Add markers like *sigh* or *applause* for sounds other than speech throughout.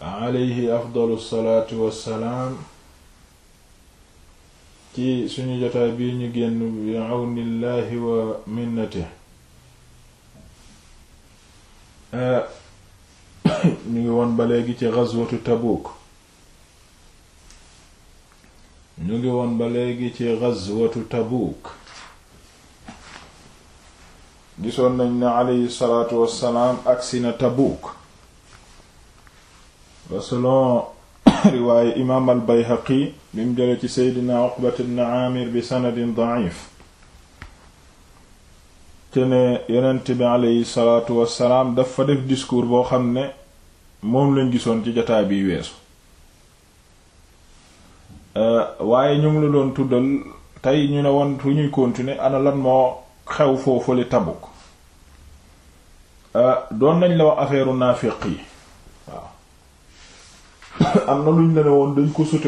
alayhi afdalu salaatu wassalaam ci suñu jotaay bii ñu génn bi àwnillaahi wa minnati ñu ngi woon ba ci ghazwatu *coughs* Tabuuk ñu ngi woon ba léegi ci ghazwatu Tabuuk gisoon nañ ne alayhi salaatu wassalaam agsi na Tabuuk ba selon *coughs* riwaaye imaam al bayhaqi bi mu jële ci seydina uqbat ibn aamir bi sanadin da'if te ne yonent bi aleyhi salaatu wassalaam dafa def discours boo xam ne moom lañ gisoon ci jotaay biy weesu euh, waaye ñu ngi la doon tuddal tey ñu ne woon fu ñuy continuer ana moo xew foofu li Tabuk euh, doon nañ la wax affaire naafiq yi *coughs* am na lu ñu ne woon dañ ko sauté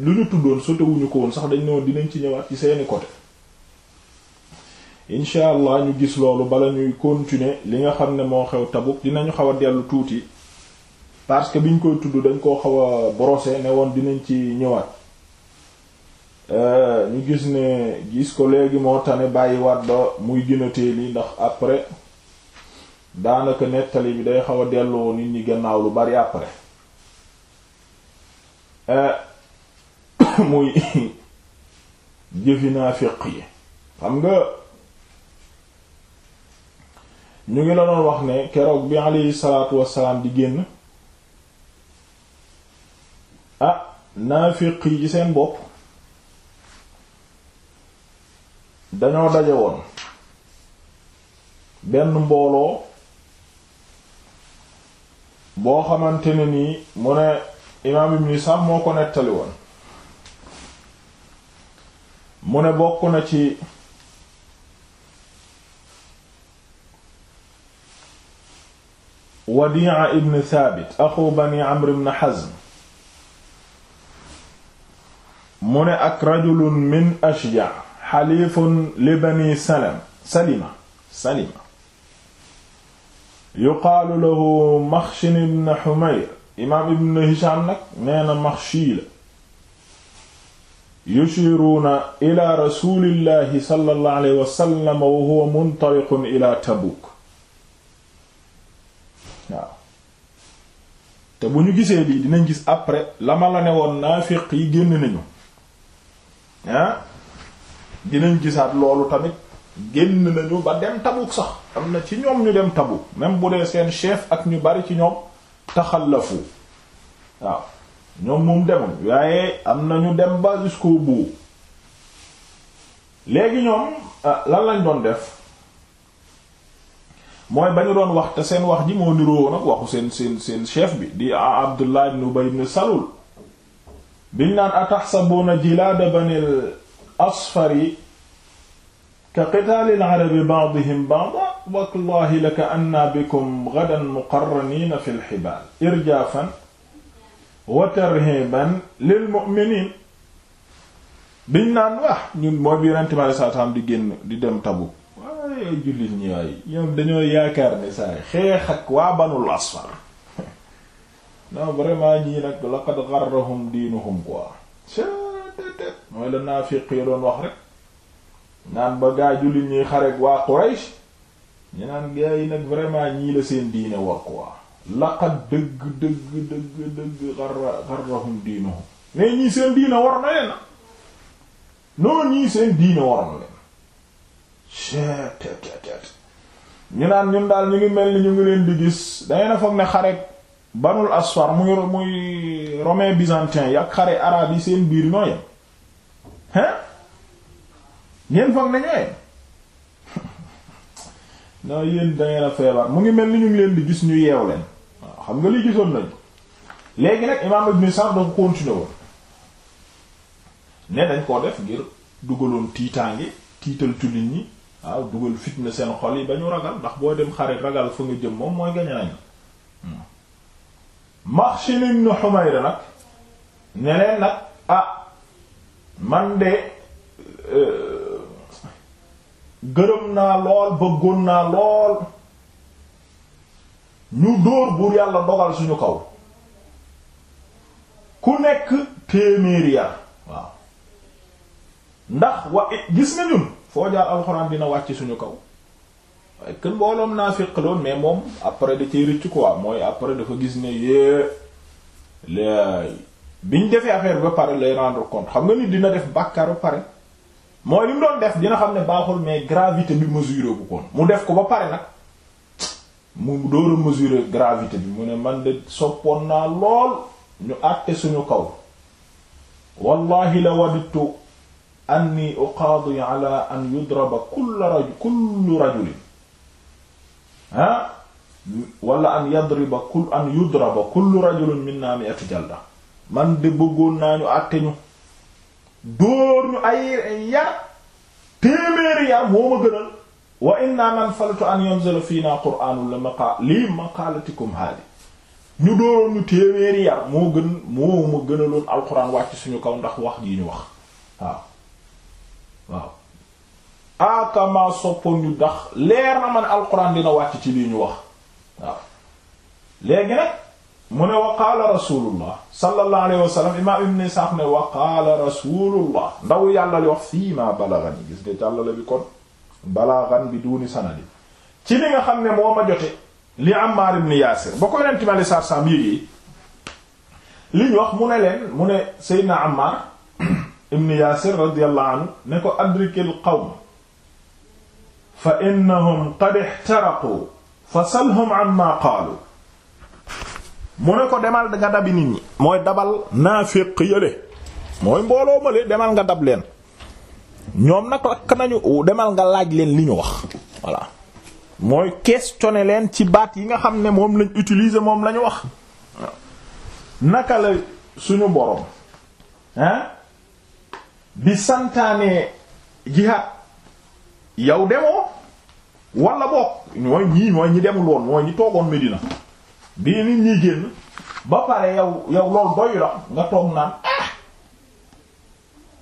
lu ñu tuddoon sauté ko woon sax dañ ne woon dinañ ci ñëwaat ci seeni côté incha allah ñu gis loolu bala ñuy continuer li nga xam ne moo xew Tabuk dinañu xaw a dellu tuuti parce que biñ koy tudd dañ koo xaw a brosser ne woon dinañ ci ñëwaat euh, ñu gis ne gis ko léegi moo tane bàyyiwaat ba muy gën lii teel yi ndax après daanaka nettali bi day xaw a delloo nit ñi gannaaw lu bari après Euh, *coughs* muy jëfi naafiq yi xam nga ñu ngi la doon wax ne keroog bi alayhi salaatu wassalaam di génn ah naafiq yi ci seen bopp dañoo daje woon benn mbooloo boo xamante ne nii mu ne imaam ibn Isaaq moo ko nettali woon mu ne bokk na ci Wadi'a ibn Thabit axu bani Amr ibn Hazm mu ne ak rajulun min Ashja xalifun li bani Salam Salima Salima yuqaalu lahu Makhshin ibn Humayr imaam ibn Hisham nag nee na Maxshi la yushiruuna ila rasulillahi sallallahu alayhi wa sallam wa huwa muntaliqun ila Tabuk waaw te bu ñu gisee lii dinañ gis après la ma la ne woon naafiq yi génn nañu ah dinañ gisaat loolu tamit génn nañu ba dem Tabuk sax am na ci ñoom ñu dem Tabuk même bu dee seen chef ak ñu bari ci ñoom taxallafu waaw ñoom moom demuñ waaye am na ñu dem ba jusqu'au bout léegi ñoom ah, lan lañ doon def mooy ba ñu doon wax te seen wax ji moo niroo nag waxu seen seen seen chef bi di Abdullah ibn Ubay ibn Salul biñ naan ataxsabuuna jilaada banil asfari ka qitaalil arabi ba'dihim ba'da wallahi laka anna bikum gadan muqarraniina fil xibaal wa tarhiiban lil mu'miniin biñ naan wax ñun mooy bi yonent di dem Tabuk waaye jullit ñi waaye ñoom dañoo yaakaar ne saay xeex ak waa Banul Asfar *laughs* non vraiment ñii nag laqad gharrahum diinuhum quoi mooy la naafiq yi doon wax rek naan ba gaa jullit ñi xare waa Quraysh ñu naan gaa yi nag vraiment ñii la seen diine war quoi laqad dëgg dëgg dëgg dëgg xarra xarrahum diinuhum mais ñii seen diine war na leen ñii seen diine war na leen cettt ñu naan ñun daal ñu ngi mel ni ñu ngi leen di gis dangay na foog ne xare banul asfar muy muy romain byzantin yi ak xare arabe yi seen biir ñoo yem hein ngeen foog ne ñoo yem naa yéen dangeen a feebar mu ngi mel ni ñu ngi leen di gis ñu yeew leen waaw xam nga li gisoon nañ léegi nag imaam Ibn Sa'd dafa continué ne dañ koo def ngir dugaloon tiitaange tiital jullit ñi waaw dugal fitna seen xol yi ba ragal ndax boo dem xarit ragal fa nga jëm moom mooy gañe nañ hmm. Maxshin ibn Humayr nag ne nag ah man de euh, gërëm naa lool bëggoon naa lool ñu dóor buur yàlla dogal suñu kaw ku nekk téeméeri yar waaw ndax wa gis nga ñun foo jaar alxuraan dina wàcc suñu kaw waaye kën mbooloom naa féqaloon mais moom après da cay rëcc quoi mooy après dafa gis ne yée laay biñ defee affaire ba pare lay rendre compte xam nga ni dina def bàkkaar ba pare mooy li mu doon def dina xam ne baaxul mais gravité bi mesuré bu koon mu def ko ba pare nag mu door a mesurer gravité bi mu ne man de soppoon naa lool ñu àtte suñu kaw wallahi la wadditu anni uqaadi ala an yudraba kullu rajul kullu rajulin ah wala an yadriba kull an yudraba kullu rajulin minna mi'atu jalda man de bëggoon naa ñu àtte ñu dóor ñu ay yar téeméeri yar moo ma gënal wa inna man faltu an yanzala fiina qur'aanu la maqa lii maqaalatikum haadi ñu dóoroon ñu téeméeri yar moo gën moo ma gënaloon alquran wàcc suñu kaw ndax wax yi ñu wax waaw waaw akama soppoon ñu ndax leer na man alquran dina wàcc ci lii ñu wax waaw léegi nag mu ne wa qaala rasulullah sallallahu alayhi wa li wax fii ma balagan bi duuni sanadi ci li nga xam ne moo ma jote li Ammaar ibn Yaasir ba ko yonent mi alayhi salaatu salaam li ñu wax mu ne leen mu ne Seydina Ammaar *clears throat* ibn Yaasir radiyallahu ne ko adrikil qawm fa innahum qad ihtaraqu fasalhum amma qaalu mu ne ko demal nga dabi nit ñi mooy dabal naa naafiq yële mooy mbooloo ma le demal nga dab leen ñoom nag ak nañu demal nga laaj leen li ñu wax voilà mooy questionner leen ci baat yi nga xam ne moom lañ utiliser moom lañu wax naka la suñu boroom ah bi santaane jihaad yow demoo wala bokk mooy ñii mooy ñi demul woon mooy ñi toogoon Medina bi nit ñi génn ba pare yow yow loolu doy la nga toog naan ah,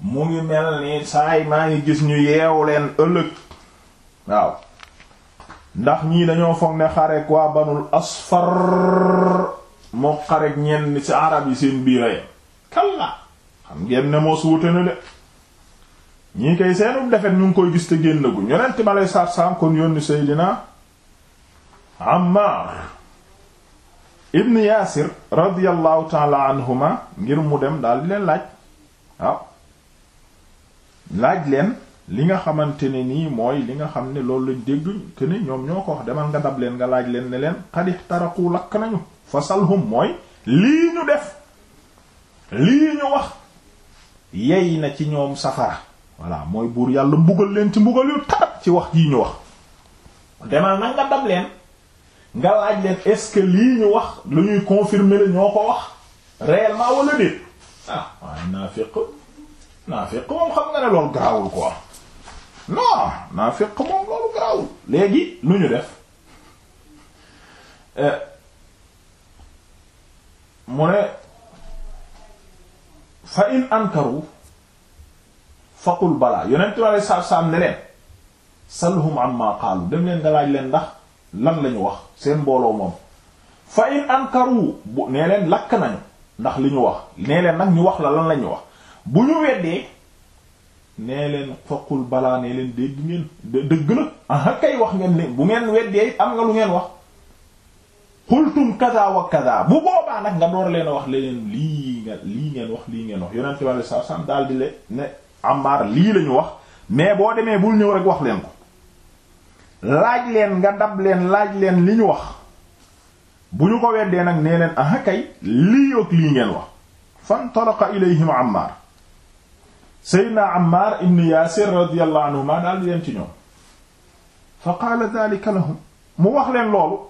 mu ngi mel ni saay maa ngi gis ñu yeewu leen ëllëg waaw ndax ñii dañoo foog ne xareek waa banul asfar moo xareek ñenn ci arab yi seen biira ya kalla xam ngeen ne moos na de ñii koy seenub defet ñu ngi koy gis te génn gu ñonent ma lay saar saam kon yónni Seydina Ammar ibn yaasir radiallahu taala anhuma ngir mu dem daal di leen laaj waaw laaj leen li nga xamante ne nii mooy li nga xam ne loolu lañ dégg que ñoom ñoo ko wax demal nga dab leen nga laaj leen ne leen xadix taraku lakk nañu fasalhum mooy lii ñu def lii ñu wax yey na ci ñoom safara voilà mooy buur yàlla mbugal leen ci mbugal yu tar ci wax jii ñu wax demal nag nga dab leen nga laaj leen est lii ñu wax lu ñuy confirme la ñoo ko wax réellement wala déet ah waaye naafiq naafiq moom xam nga ne loolu garawul quoi non naafiq moom loolu garawul léegi lu ñu def euh, mu ne fa in ankaru faqul balaa yonentu Yàlla saab saab ne leen salhum amma qaalu dem leen nga laaj leen ndax lan la wax seen mbooloo moom fa in ankaru bu nee leen lakk nañu ndax li ñu wax nee leen nag ñu wax la lan la ñu wax bu ñu weddee nee leen foqul balaa nee leen dégg ngeen dëgg la ah kay wax ngeen ne bu ngeen weddee am nga lu ngeen wax xultum kaza wa kaza bu boobaa nag nga door leen a wax leneen lii nga lii ngeen wax lii ngeen wax yonent bi sallallahu alayhi wasallam daal di le ne Ammaar lii la ñu wax mais boo demee bul ñëw rek wax leen ko laaj leen nga dab leen laaj leen li ñu wax bu ñu ko weddee nag nee leen aha kay lii yoog lii ngeen wax fantalaqa ilayhim Ammaar Seydina Ammaar ibn Yaasir radiyallahu anhuma daal leen ci ñoom fa qaala daalika lahum mu wax leen loolu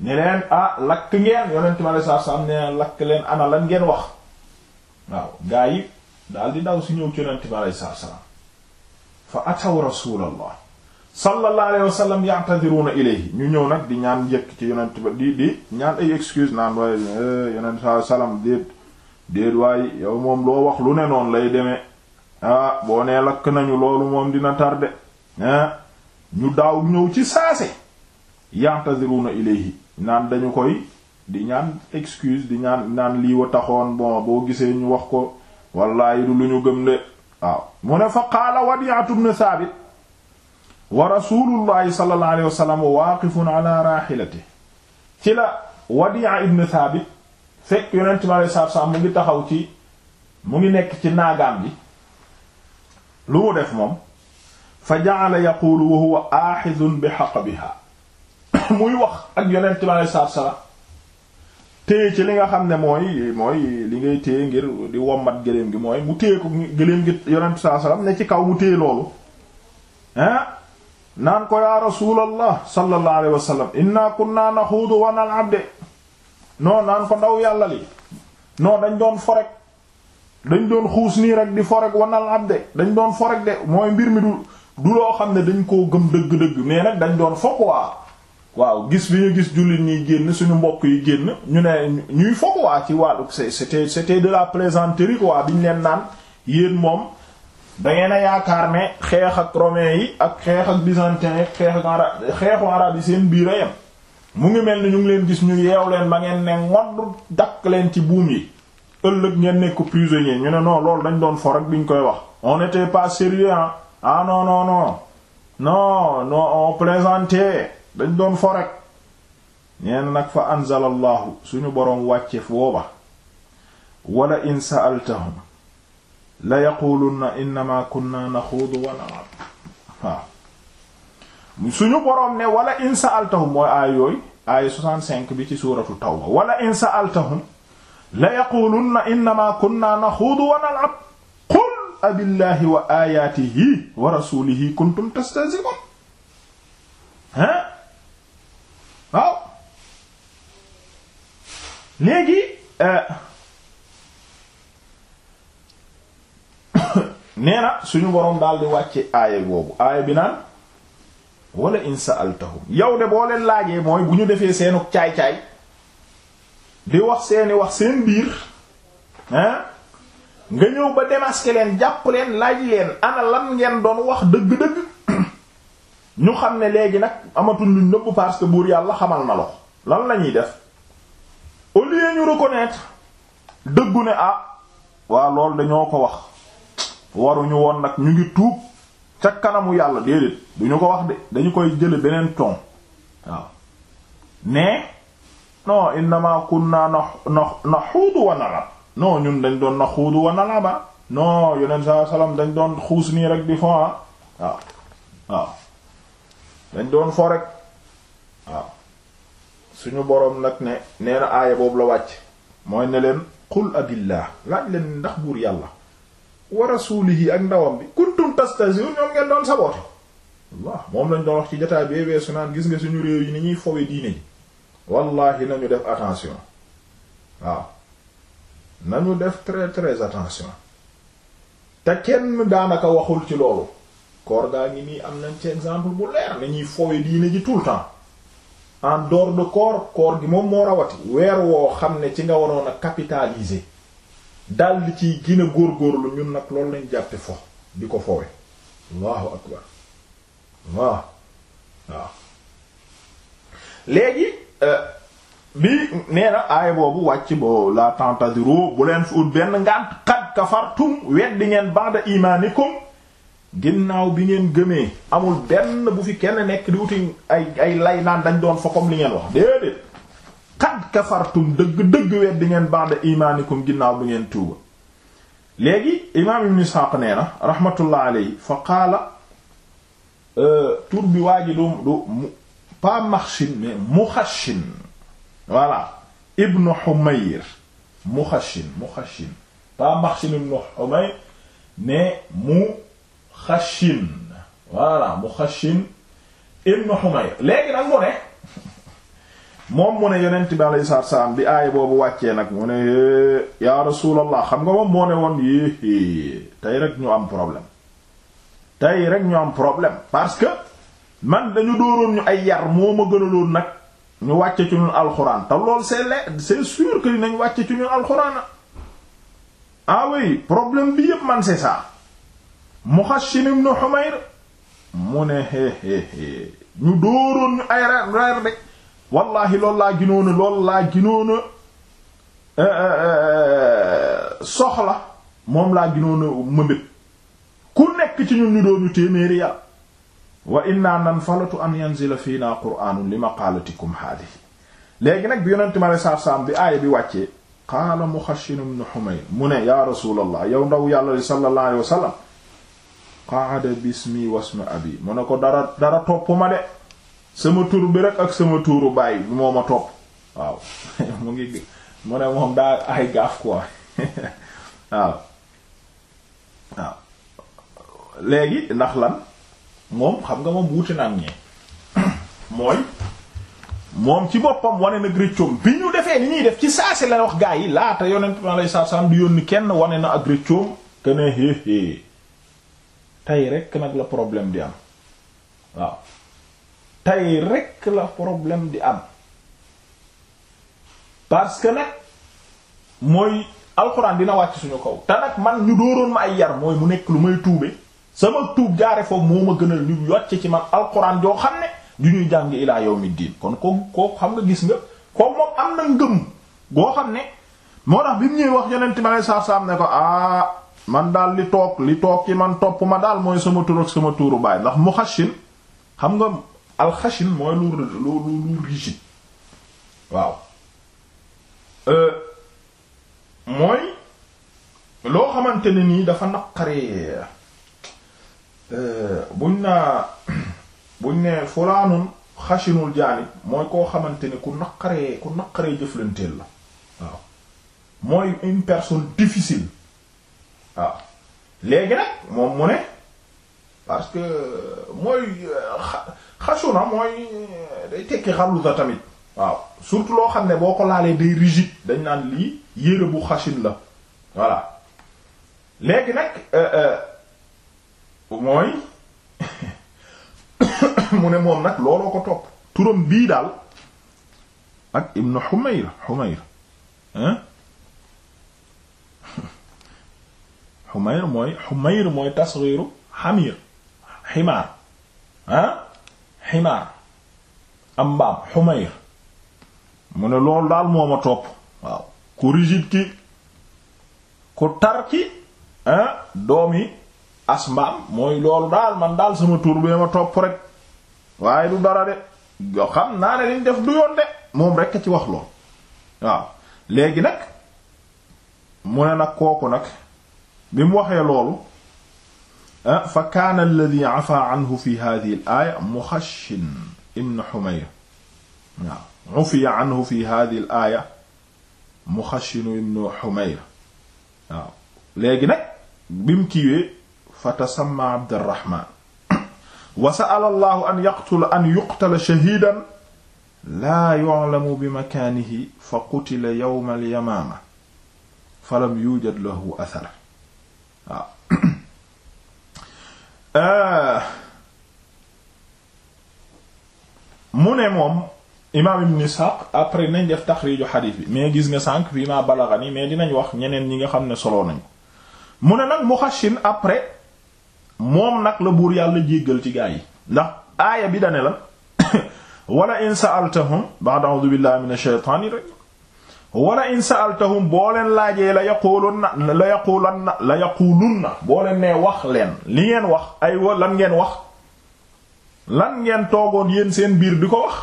ne leen ah lakk ngeen yonent mi alayhi salaatu salaam ne lakk leen ana lan ngeen wax waaw gaa yi daal daw si ñëw ci yonent mi alayhi fa ataw rasuulallah sallallahu alayhi wasallam ya'tadiruna ilayhi ñu ñëw nag di ñaan njëkk ci yonent ba di di ñaan ay naan waaye eh, yonent saa salaam déet déet waaye yow moom loo wax lu ne noonu lay demee ah boo nee lakk nañu loolu moom dina tardé eh, ñu daaw ñëw ci saase ya'tadiruna ilayhi naan dañu koy di ñaan excuse di ñaan naan lii wa taxoon bon boo gisee ñu wax ko wallaahi du lu ñu gëm de waaw ah, mu ne fa qaala Wadi'atu ibn Thabit wa rasulullahi sallallahu alayhi wa sallam waaqifun ala raahilati ci la Wadi'a ibn Thabit fekk yonent mi alayhi salaatu salaam mu ngi taxaw ci mu ngi nekk ci naagaam bi lu mu def moom fa ja'ala yaqulu wa huwa aaxizun bi haqbiha *coughs* muy wax ak yonent mi alayhi salaatu salaam téye ci li nga xam ne mooy mooy li ngay téye ngir di wommat gëléem gi mooy mu téye ko gëléem gi yonent salaam ne ci kaw mu téye loolu ah naan ko yaa rasuulallah sallallahu alayhi wa sallam inna kunna naxuudu wa nal'ab de noo naan ko ndaw yàlla li non dañ doon forek dañ doon xuus nii rek di forek waa nal'ab de dañ doon forek de mooy mbir mi du du loo xam ne dañ koo gëm dëgg-dëgg mais nag dañ doon fo quoi waaw gis bi ñu gis jullit ñuy génn suñu mbokk yi génn ñu ne ñuy fo quoi ci wàllu c'était c'était de la plaisanterie quoi biñ leen naan yéen moom. da ngeen a yaakaar ne xeex ak romain yi ak xeex ak byzantin yi xeex xeexu arab yi seen biir a yem mu ngi mel ni ñu ngi leen gis ñu yeew leen ba ngeen ne ngodd dakk leen ci buum yi ëllëg ngeen nekk prisonnier ñu ne non loolu dañ doon for rek bi ñu koy wax on n'était pas sérieux ah non non non non non on plaisantait dañ doon for rek ñeen nag fa anzalallahu suñu boroom wàcce fooba wala in sa'altahum la yaquluna innama kunna naxuudu wa nal'ab waaw suñu boroom ne wala in sa'altahum mooy aay yooyu aaya 65 bi ci suuratu tawba wala in sa'altahum la yaquluna innama kunna naxuudu wa nal'ab qul abillahi wa ayatihi wa rasulihi kuntum tastahzi'un ha waaw léegi euh, nee na suñu boroom daal di wàcce aaya boobu aaya bi naan wala in sa'altahum yow de boo leen laajee mooy bu ñu defee seenu caay-caay di wax seeni wax seen biir nga ñëw ba démasquer leen jàpp leen laaj leen ana lan ngeen doon wax dëgg-dëgg ñu xam ne léegi nag amatul lu nëbb parce que buur yàlla xamal na lox lan lañuy def au lieu ñu reconnaître dëggu ne ah waa loolu dañoo ko wax waruñu woon nag ñu ngi tuub ca kanamu yàlla déedéet ñu ko wax de dañu koy jële beneen ton waaw mais non innama kunna na na na xuudu wa nalab non ñun dañ doon na xuudu wa nalaba non yonent saa salaam dañ doon xuus nii rek di fon ah waaw waaw dañ doon fo rek waaw suñu boroom nag ne nee na aaya boobu la wàcc mooy ne leen qul abillah laaj leen ndax buur yàlla wa rasulihi ak ndawam bi kuntum tastahzi'un ñoom ngeen doon saboote allah moom lañ doon wax ci jotaay bee weesu naan gis nga suñu réew yi ni ñuy fowe diine ji wallahi nañu def attention waaw nañu def très très attention te kenn daanaka waxul ci loolu koor gaa ngi nii am nañ ci exemple bu leer nañuy fowe diine ji tout le temps en dehors de koor gi moom moo rawati weer woo xam ne ci nga waroon a capitaliser dal di ci gën góor góorgóorlu ñun nag loolu lañ jàppe fo di ko fowe allahu akbar waaw waaw léegi euh, bi nee na aaya boobu wàcc bo la tentadiro bu leen fi ut benn ngànt xad kafartum weddi ngeen ba'da imanikum ginnaaw bi ngeen gëmee amul benn bu fi kenn nekk di wuti ay ay lay naan dañ doon fa comme li ngeen wax déedéet xad kafartum dëgg dëgg weddi ngeen ba'da imaanikum ginnaaw bu ngeen tuuba léegi imaam ibn Isxaaq nee na rahmatullah alayhi fa qaala euh, tur bi waa ji du du pas Maxshin mais Muxashin voilà ibnu Humayr Muxashin Muxashin pas Maxshin ibnu Humayr mais Muxashin voilà Muxashin ibnu Humayr léegi nag mu ne moom mu ne yonent bi alayhi salaatu salaam bi aaya boobu wàccee nag mu ne yaa rasuulallah xam nga moom moo ne woon yéexée tey rek ñu am problème tey rek ñu am problème parce que man dañu dooroon ñu ay yar moo ma gënaloon nag ñu wàcce ci ñun alxuraan te lool c'est le c'est sûr que dinañ wàcce ci ñun alxuraan ah oui problème bi yépp man c'est ça Muxashim ibn Humayr mu ne ñu dooroon ñu ay reer reer de wallahi lool laa ginoona lool laa ginoona eh, eh, eh, soxla moom laa ginoona mëmbét ku nekk ci ñun ñu doonu téeméeri yàlla wa inna nanfalatu an yanzila fiina qur'aanun li maqaalatikum haadihi léegi nag bi yonente mi aleye satu bi aaya bi wàccee qaala Muxashin ibn Humayr mu ne yaa rasulallah yow ndaw yàlla li sallallahu alayhi wa sallam qaada bismi wasmi abi mu ne ko dara dara topp ma de sama tuur bi rek ak sama tuuru baay moo ma topp waaw *laughs* mu ngi mu ne moom daa ay gaaf quoi *laughs* waaw léegi ndax lan moom xam nga moom wuute na am ñee *clears throat* mooy moom ci boppam wane na gréccoom bi ñu defee ni ñuy def ci si la wax gaa yi laata yonent mi alayhi salaatu salaam di yónni kenn wane na ak gréccoom te ne hé hé rek nag la problème di am waaw tey rekk la problème di am parce que nag mooy alxuraan dina wàcc suñu kaw te nag man ñu dooroon ma ay yar mooy mu nekk lu may tuube sama tuub jaare foofu moo gën a ñu yocc ci man alxuraan joo xam ne du ñuy jàng ilaa yawmi diin kon ko ko xam nga gis nga ko moom am na ngëm goo xam ne moo tax bi mu ñëwee wax yonent ma lay saar-saam ne ko ah man daal li toog li toog ci man topp ma daal mooy sama tur sama tuuru baay ndax mu xashin xam nga alxashin mooy lu lu lu rigide waaw euh, mooy loo xamante ne nii dafa naqaree euh, buñ naa *clears throat* buñ ne fulaanun xashinul jaanib mooy koo xamante ne ku naqaree ku naqaree jëflanteel la waaw mooy une personne difficile waaw léegi nag moom mu ne parce que euh, mooy xasuna mooy day tekki xalusa tamit waaw surtout loo xam ne boo ko laalee day rigide dañ naan lii yére bu xasin la voilà léegi nag euh, euh, mooy *coughs* mu ne moom nag looloo ko topp turam bii daal ak ibnu Humayr Humayr hein Humayr mooy Humayr mooy tasghiru xamir ximaar ah ximaar am mbaam xumayr mu ne loolu daal moo ma topp waaw ku rigide ki ku tar ki ah, doomi as mbaam mooy loolu daal man daal sama tur bee ma topp rek waaye du dara de yoo xam naa ne liñ def du yoon de moom rek a ci wax lool waaw léegi nag mu ne nag kooku nag bi mu waxee loolu Ah, fa kaana alladi afa anhu fi hadihi al aaya muxashin ibn xumayr waaw ufiya anhu fi hadihi al aaya muxashinu ibn xumayr waaw léegi nag bim kiiwee fa tasamma abdirahman wa sa'ala allahu an yaqtula an yuqtala shahidan laa yu'lamu bi makaanihi fa qutila yawma al yamaama falam yujad lahu athar waaw Euh, mu ne moom imaam ibn Ishaq après nañ def taxriiju xadiis bi mais gis nga sànq fii maa balaxani mais dinañ wax ñeneen ñi nga xam ne solo nañ mu ne nag Muxashin après moom nag la buur yàlla jéggal ci gaa yi ndax aaya bi dane la *coughs* wala in sa'altahum ba'da a'udhu billahi minash shaytaanir rajiim wala in sa'altahum boo leen laajee la yaqulunna la yaqulunna la yaqulunna boo leen nee wax leen li ngeen wax ay wa lan ngeen wax lan ngeen toogoon yéen seen biir di ko wax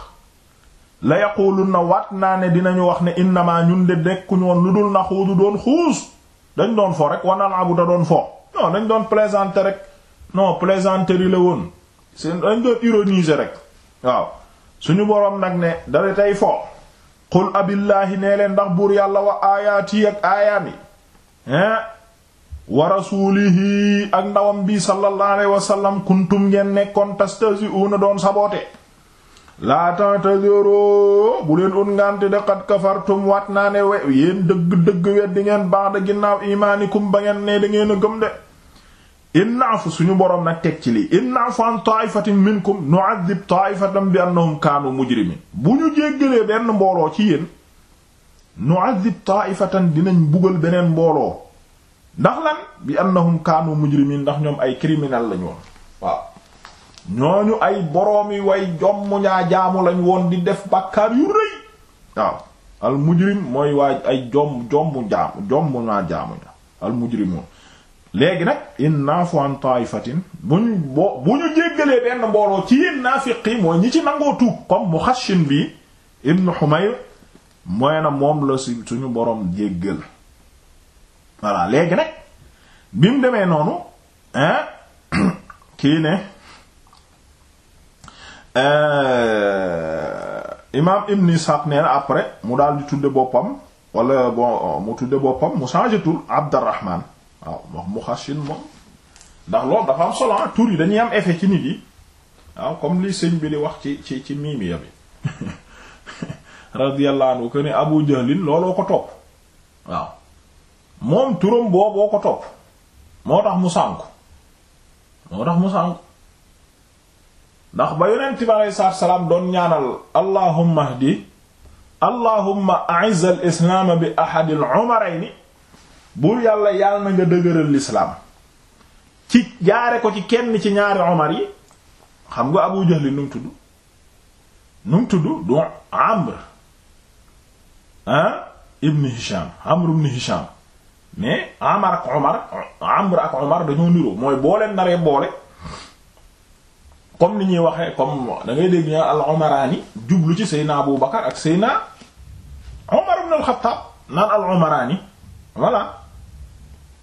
la yaqulunna waat naa ne dinañu wax ne innama ñun de dekku woon lu dul na xuudu doon xuus dañ doon fo rek wanal abu da doon fo non dañ doon plaisanter rek non plaisanterie la woon seen dañ doon ironiser rek waaw suñu boroom nag ne dara tey fo qul abillaahi nee leen ndax buur yàlla wa aayaati ak aayaami hein wa rasuulihi ak ndawam bii sallallahu alayhi wasallam kuntum ngeen nekkoon tastahzi'una doon saboote laa ta'tazuru bu leen ut ngante de qad kafartum waat naa ne we yéen dëgg dëgg weddi ngeen baax da ginnaaw imaanikum ba ngeen ne da ngeen a gëm de inaafu suñu boroom nag teg ci lii inaafu an taaifatin minkum nu'adhib taaifatan bi annahum kaanu mujrimin bu ñu jéggalee benn mbooloo ci yéen nu'adhib taaifatan dinañ bugal beneen mbooloo ndax lan bi annahum kaanu mujrimin ndax ñoom ay criminel lañu woon waaw ñooñu ay boroomi way jomm ñaa jaamu lañ woon di def bàkkaar yu rëy waaw al mujrim mooy waa ay jomm jomm jaamu jomm ñaa jaamu ña al mujrimoon léegi nag in na'fu an ta'ifatin buñ boo bu ñu jéggalee benn mbooloo ci yéen naafiqi mooy ñi ci nangoo tuub comme Muxashin bi ibnu Humayr mooy na moom la si suñu boroom jéggal voilà léegi nag bi mu demee noonu *coughs* kii ne euh, imaam Ibn Ishaq nee na après mu daal di tudde boppam wala bon mu tudde boppam mu changé tur Abdurrahman waaw wax mu xasin moom ndax loolu dafa am solo ah, tur yi dañuy am effet ci nit yi waaw comme li sëñ bi di wax ci ci ci miimiya bi *laughs* radiyallahu anhu que Abu Jahlin looloo ko topp waaw moom turam booboo ko topp moo tax mu sànku moo tax mu sànku ndax ba yonent bi aleyhi salaatu salaam doon ñaanal allahumma hdi allahumma a'izz al bi ahadil umarayni buur yàlla yàlla na nga dëgëral lislaam ci jaare ko ci kenn ci ñaari omar yi xam nga abu jahli nu mu tudd nu mu du amr ah ibn hisham amr ibn hisham mais amar ak omar amr ak omar dañoo niroo mooy booleen naree boole comme ni ñuy waxee comme da ngay dégg ña al omaraani jublu ci seyna abu bakar ak seyna omar ibn al-khattab naan al omaraani voilà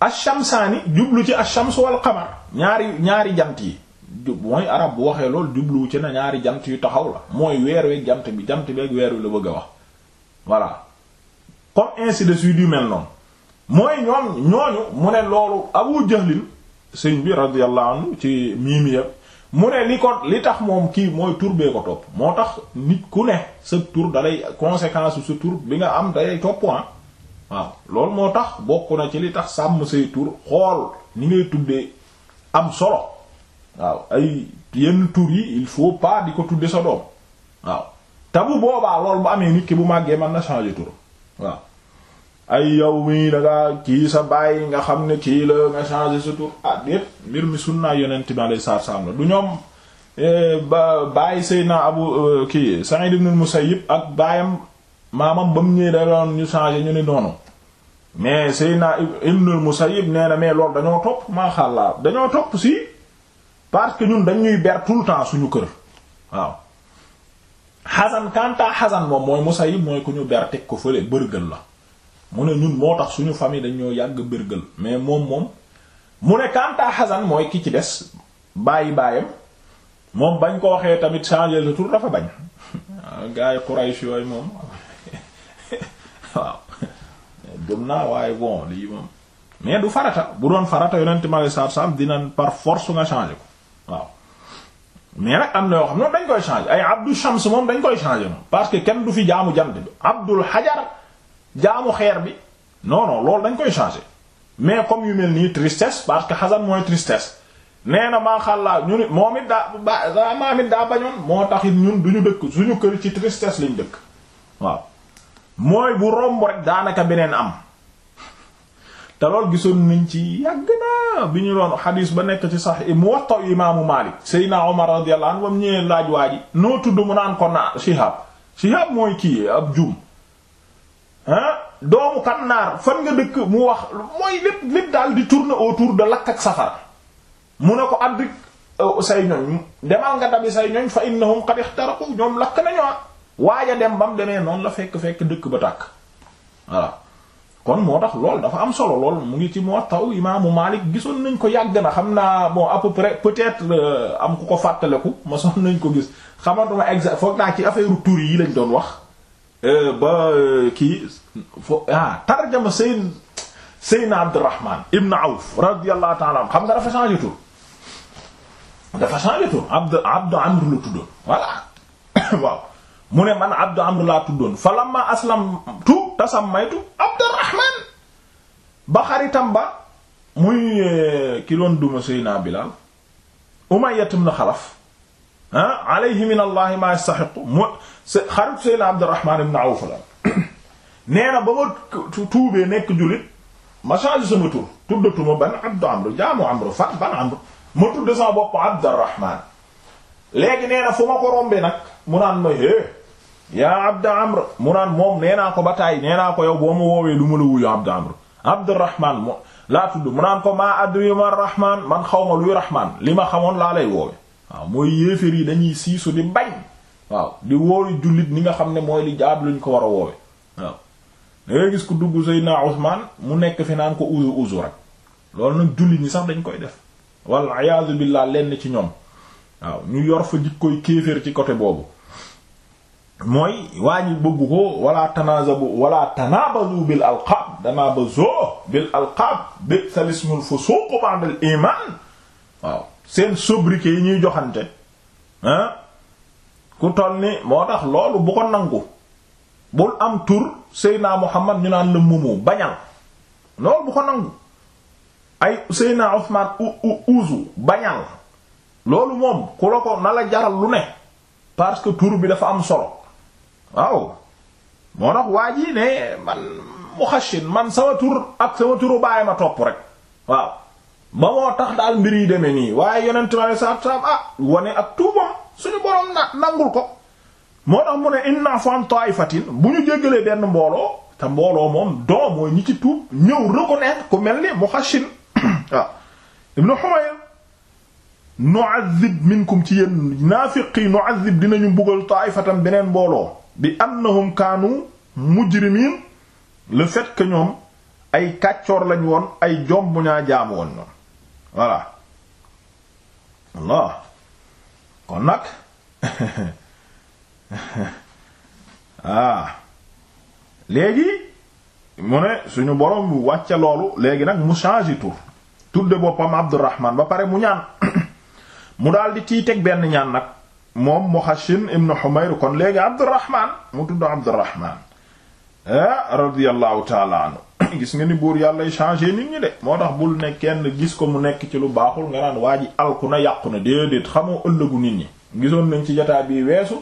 ash ni jublu ci ash-shams wal qamar ñaari ñaari jant yi mooy arab bu waxee loolu jubluwu ci na ñaari jant yu taxaw la mooy weer wi jant bi jant bi ak weer wi la bëgg a wax voilà comme ainsi de suite mel noonu mooy ñoom ñooñu mu ne loolu Abu Jahlin sëñ bi radiyallahu anhu ci miimi yëpp mu ne li ko li tax moom kii mooy tur bee ko topp moo tax nit ku ne sa tur dalay conséquence su sa tur bi nga am dalay topp ah waaw loolu moo tax bokku na ci li tax sàmm say tur xool ñu ngay tuddee am solo waaw ay yenn tur yi il faut pas di ko tudde sa doom waaw te bu boobaa loolu bu amee nit ki bu màggee man na changer tur ay yow mii da kii sa bàyyi nga xam ne kii la nga changer sa tur ah déet mbir mi sunnaa yonent bi alayhi salaam du ñoom eh, ba bàyyi Seydina Abu eh, kii Sa'id ibn al ak baayam maamam ba mu ñëwee da doon ñu changé ñu ni noonu mais Seydina Ibnul Musayyib nee na mais loolu dañoo topp maa xàllaa dañoo topp si parce que ñun dañuy ber tout le temps suñu kër waaw xasan kanta xasan moom mooy Musayyib mooy ku ñu ber teg ko fële bërgël la mu ne ñun moo tax suñu famille dañoo yàgg bërgël mais moom moom mu ne kanta xasan mooy ki ci des bàyyi baayam moom bañ ko waxee tamit changer le tour dafa bañ waaw *laughs* gars yi Quraysh yooyu moom waaw naa waaye bon lii moom mais du farata bu doon farata yonent mi alayhi salaatu salaam par force nga changer ko waaw mais nag am na yoo xam noonu dañ koy changer ay abdu shams moom dañ koy changer moom parce que kenn du fi jaamu jant bi abdul hajar jaamu xeer bi non non loolu dañ koy changer mais comme yu mel nii tristesse parce que xasan mooy tristesse nee maa xàllaa ñu ni moom it daa ba maam it daa bañoon moo tax it ñun duñu dëkk suñu kër ci tristesse lañ dëkk waaw mooy bu romb rek daanaka beneen am te lool gisoon nañ ci yàgg bi ñu doon xadiis ba nekk ci sax Muwatta imaamu Maalik Seydina Omar radiyallahu anhu ñëwee laaj waa ji noo tudd mu naan ko naa Shihab Shihab mooy kii ab juum ah doomu Kannaar fan nga dëkk mu wax mooy lépp lépp daal di tourner autour de lakk ak mu ne ko addik euh, say ñoñ demal nga dabi say ñoñ fa innahum qad ihtaraqu ñoom lakk nañu ah. waaja dem ba mu demee noonu la fekk fekk dëkk ba tàkk voilà kon moo tax lool dafa am solo lool mu ngi ci moo taw imaamu Malik gisoon nañ ko yàgg na xam naa bon à peu près peut-être euh, am ku ko fàttaleku ma son nañ ko gis xamantuma exact foog naa ci affaire tur yi lañ doon wax euh, ba euh, kii fo ah tarjama Seydina Seydina Abdurrahman ibn Awf radiyallahu ta'ala anhu xam nga dafa changé tur dafa changé tur Amr lu tuddoon voilà *coughs* waaw mu ne man abdu amr laa tuddoon fa lamma aslamtu tasammaytu abdurrahman ba xaritam ba muy eh, ki doon seyna bilaal umayyah ibn xalaf ah alayhi min allahi ma yastaxiqu mu xarit seyna abdurrahman ibn awf la *coughs* nee na ba ma tuubee nekk jullit ma changé sama tur tuddatuma ban abdu amr jaamu amr fan ban amr ma tudde sama bopp abdurrahman léegi nee na fu ma ko rombee mu naan ma hé yaa abda amr mu moom nee naa ko ba taay nee naa ko yow boo ma woowee lu ma la wuyu abda amr abdurahman mo laa tudd mu ko maa adri ma rahman man xaw ma luy rahman li ma xamoon laa lay woowe waaw yi dañuy siisu di waaw di woowe jullit ni nga xam ne mooy li jaab lu luñ ko war a woowe waaw da gis ko dugg Seydina Usmaan mu nekk fi naan ko uzu uzu rek loolu nag jullit ñi sax dañ koy def wal iyaazu billaah lenn ci ñoom waaw ñu yor fa jikkoy kéeféer ci côté boobu mooy waa ñi bëgg ko wala tanazabu wala tanabazu bil alqab tanabazu bil alqab bi salismul fusuq ba'da al iman waaw seen sobriquet yi ñuy joxante ah ku toll ni moo tax loolu bu ko nangu bul am tur Seydina Muhammad ñu naan la mumu bañal loolu bu ko nangu ay Seydina Usmaan bañal loolu moom ku la ko na la jaral lu ne parce que tur bi dafa am solo waaw moo tax waa ji ne man mu xashin man sama tur ak sama bàyyi ma topp rek waaw ba moo tax daal mbir yi demee nii waaye yonent ma saab saab ah wane ak tuubam suñu borom na nangul ko moo tax mu ne inna fan ta'ifatin bu ñu jéggalee benn mbooloo te mbooloo moom doo mooy ñi ci tuub ñëw reconnaître ku mel ni mu xashin *coughs* waaw ibnu Humayr nu'adhib minkum ci yéen naafiqi nu'adhib dinañu mbugal ta'ifatan beneen mbooloo bi annahum kaanu mujrimiin le fait que ñoom ay kàccoor lañ woon ay jomb ñaa jaam woon ñoom voilà Allah kon nag *laughs* ah léegi mu ne suñu borom bu wàcce loolu léegi nag mu changé tur tudde boppam Abdurrahman ba pare mu ñaan *coughs* mu daldi ciy teg benn ñaan nag moom Muhashin ibn Humayr kon léegi Abdurrahman mu tudd Abdurrahman ah radiyallahu taala anhu *coughs* gis nga ni buur yàllay changé nit ñi de moo tax bul ne kenn gis ko mu nekk ci lu baaxul nga naan waa ji alku na yàqu na déedéet xamoo ëllëgu nit ñi gisoon nañ ci jotaay bii weesu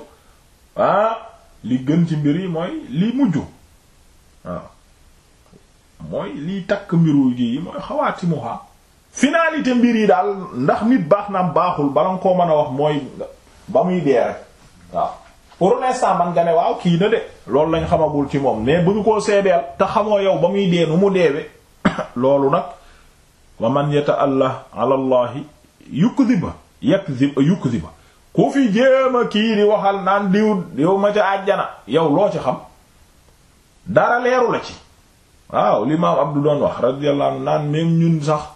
ah li gën ci mbir yi mooy li mujj waaw ah, mooy liy takk mbiru gi mooy xawaati mu mbir yi daal ndax nit baax na baaxul bala nga koo mën a wax mooy ba muy dee rek waaw pour l'instant ne waaw kii na de loolu lañ xamagul ci moom mais bëgg koo seedeel te xamoo yow ba muy dee nu mu deewe *coughs* loolu nag wa man yata'alla ala allahi yukdhiba yakdhib yukdhiba ku fi jéem kii di waxal naan diw diw ma ca àjjana yow loo ci xam dara leeru la ci waaw li maam Abdu doon wax radiyallahu naan même ñun sax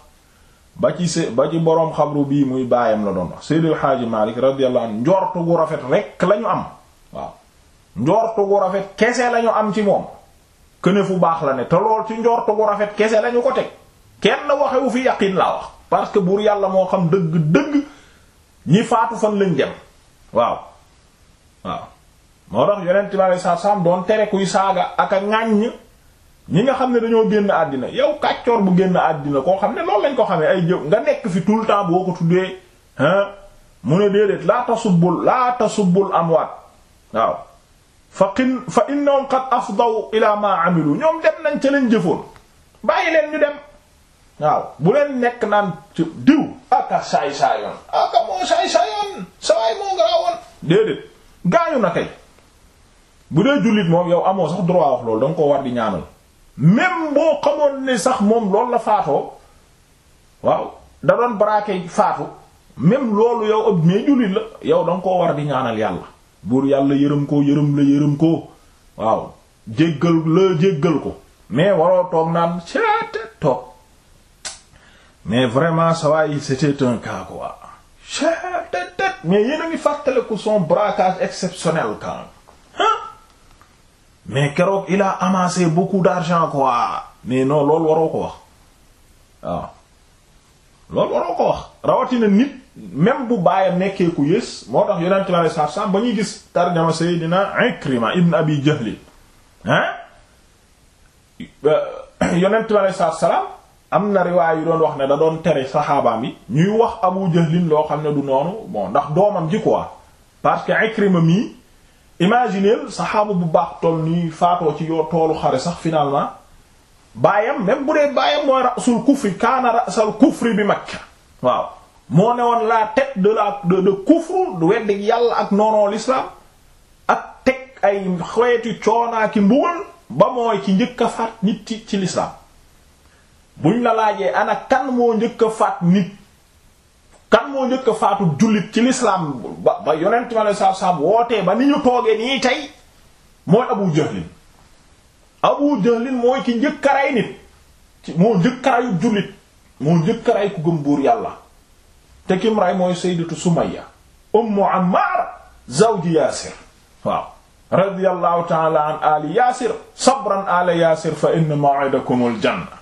ba ci se ba ci boroom xabru bii muy baayam la doon wax Seydou Hadji Malick radiyallahu anhu rafet rek la am waaw njortu rafet kese lañu am ci moom këne fu baax la ne te lool ci njortu gu rafet kese lañu ko teg kenn waxewu fi yaqin laa wax parce que buur yàlla moo xam dëgg dëgg ñi faatu fan lañ dem waaw waaw moo tax yonent bi sallallahu alayhi doon tere kuy saaga ak a ŋàññ ñi nga xam ne dañoo génn àddina yow kàccoor bu génn àddina koo xam ne loolu lañ ko ne ay jëw nga nekk fi tout le temps boo ko tuddee hein mu ne déedéet laa tasubbul laa tasubbul amwaat waaw fa qin fa innahum qad afdaw ila ma amilu ñoom dem nañ ca lañ jëfoon bàyyi leen ñu dem waaw bu leen nekk naan ci diw aka saay saayoon aka moo saay saayoon sawaay moo garaawoon déedéet gaañu na kay bu dee jullit moom yow amoo sax droit wax loolu danga ko war di ñaanal même boo xamoon ne sax moom loolu la faatoo waaw da doon braqué faatu même loolu yow ab mais jullit la yow da koo war di ñaanal yàlla buur yàlla yërëm ko yërëm la yërëm ko waaw jéggal la jéggal ko mais waroo toog naan seet toog mais vraiment ça va c'était un cas quoi seet mais yéen a ngi fàttaliku son braquage exceptionnel quand mais keroog il a amassé beaucoup d'argent quoi mais non loolu waroo ko wax waaw loolu waroo ko wax rawatina nit même bu baayam nekkee ku yées moo tax yonent bi alayhi salaatu ba ñuy gis tarjama dina Ikrima ibn Abi Jahl hein euh, *coughs* yonent bi alayhi salaatu am na riwaay yu doon wax ne da doon tere saxaabaam yi ñuy wax Abu Jahlin loo xam ne du noonu bon ndax doomam ji quoi parce que Ikrima mii imaginez saxaabu bu baax toll nii faatoo ci yoo toolu xare sax finalement baayam même bu dee baayam mooy rasul kufri kaana rasal kufri bi Makka waaw moo ne woon laa tête de la de de kufru du weddi yàlla ak noonoo l'islam ak teg ay xeetu coonaa ki ba mooy ci njëkk a faat nit ci ci l'islam buñ la laajee ana kan moo njëkk a faat nit kan moo njëkk a faatu jullit ci l'islam ba ba yonent ma la wootee ba ni ñu toogee nii tey mooy Abu Jahlin Abu Jahlin mooy ki njëkk a nit moo njëkk jullit moo njëkk ku gëm yàlla te kim rey mooy sayyidatu Sumayya ummu Ammar zawji Yaasir waaw ta'ala an ali Yaasir sabran ala Yaasir fa inna maw'idakumul janna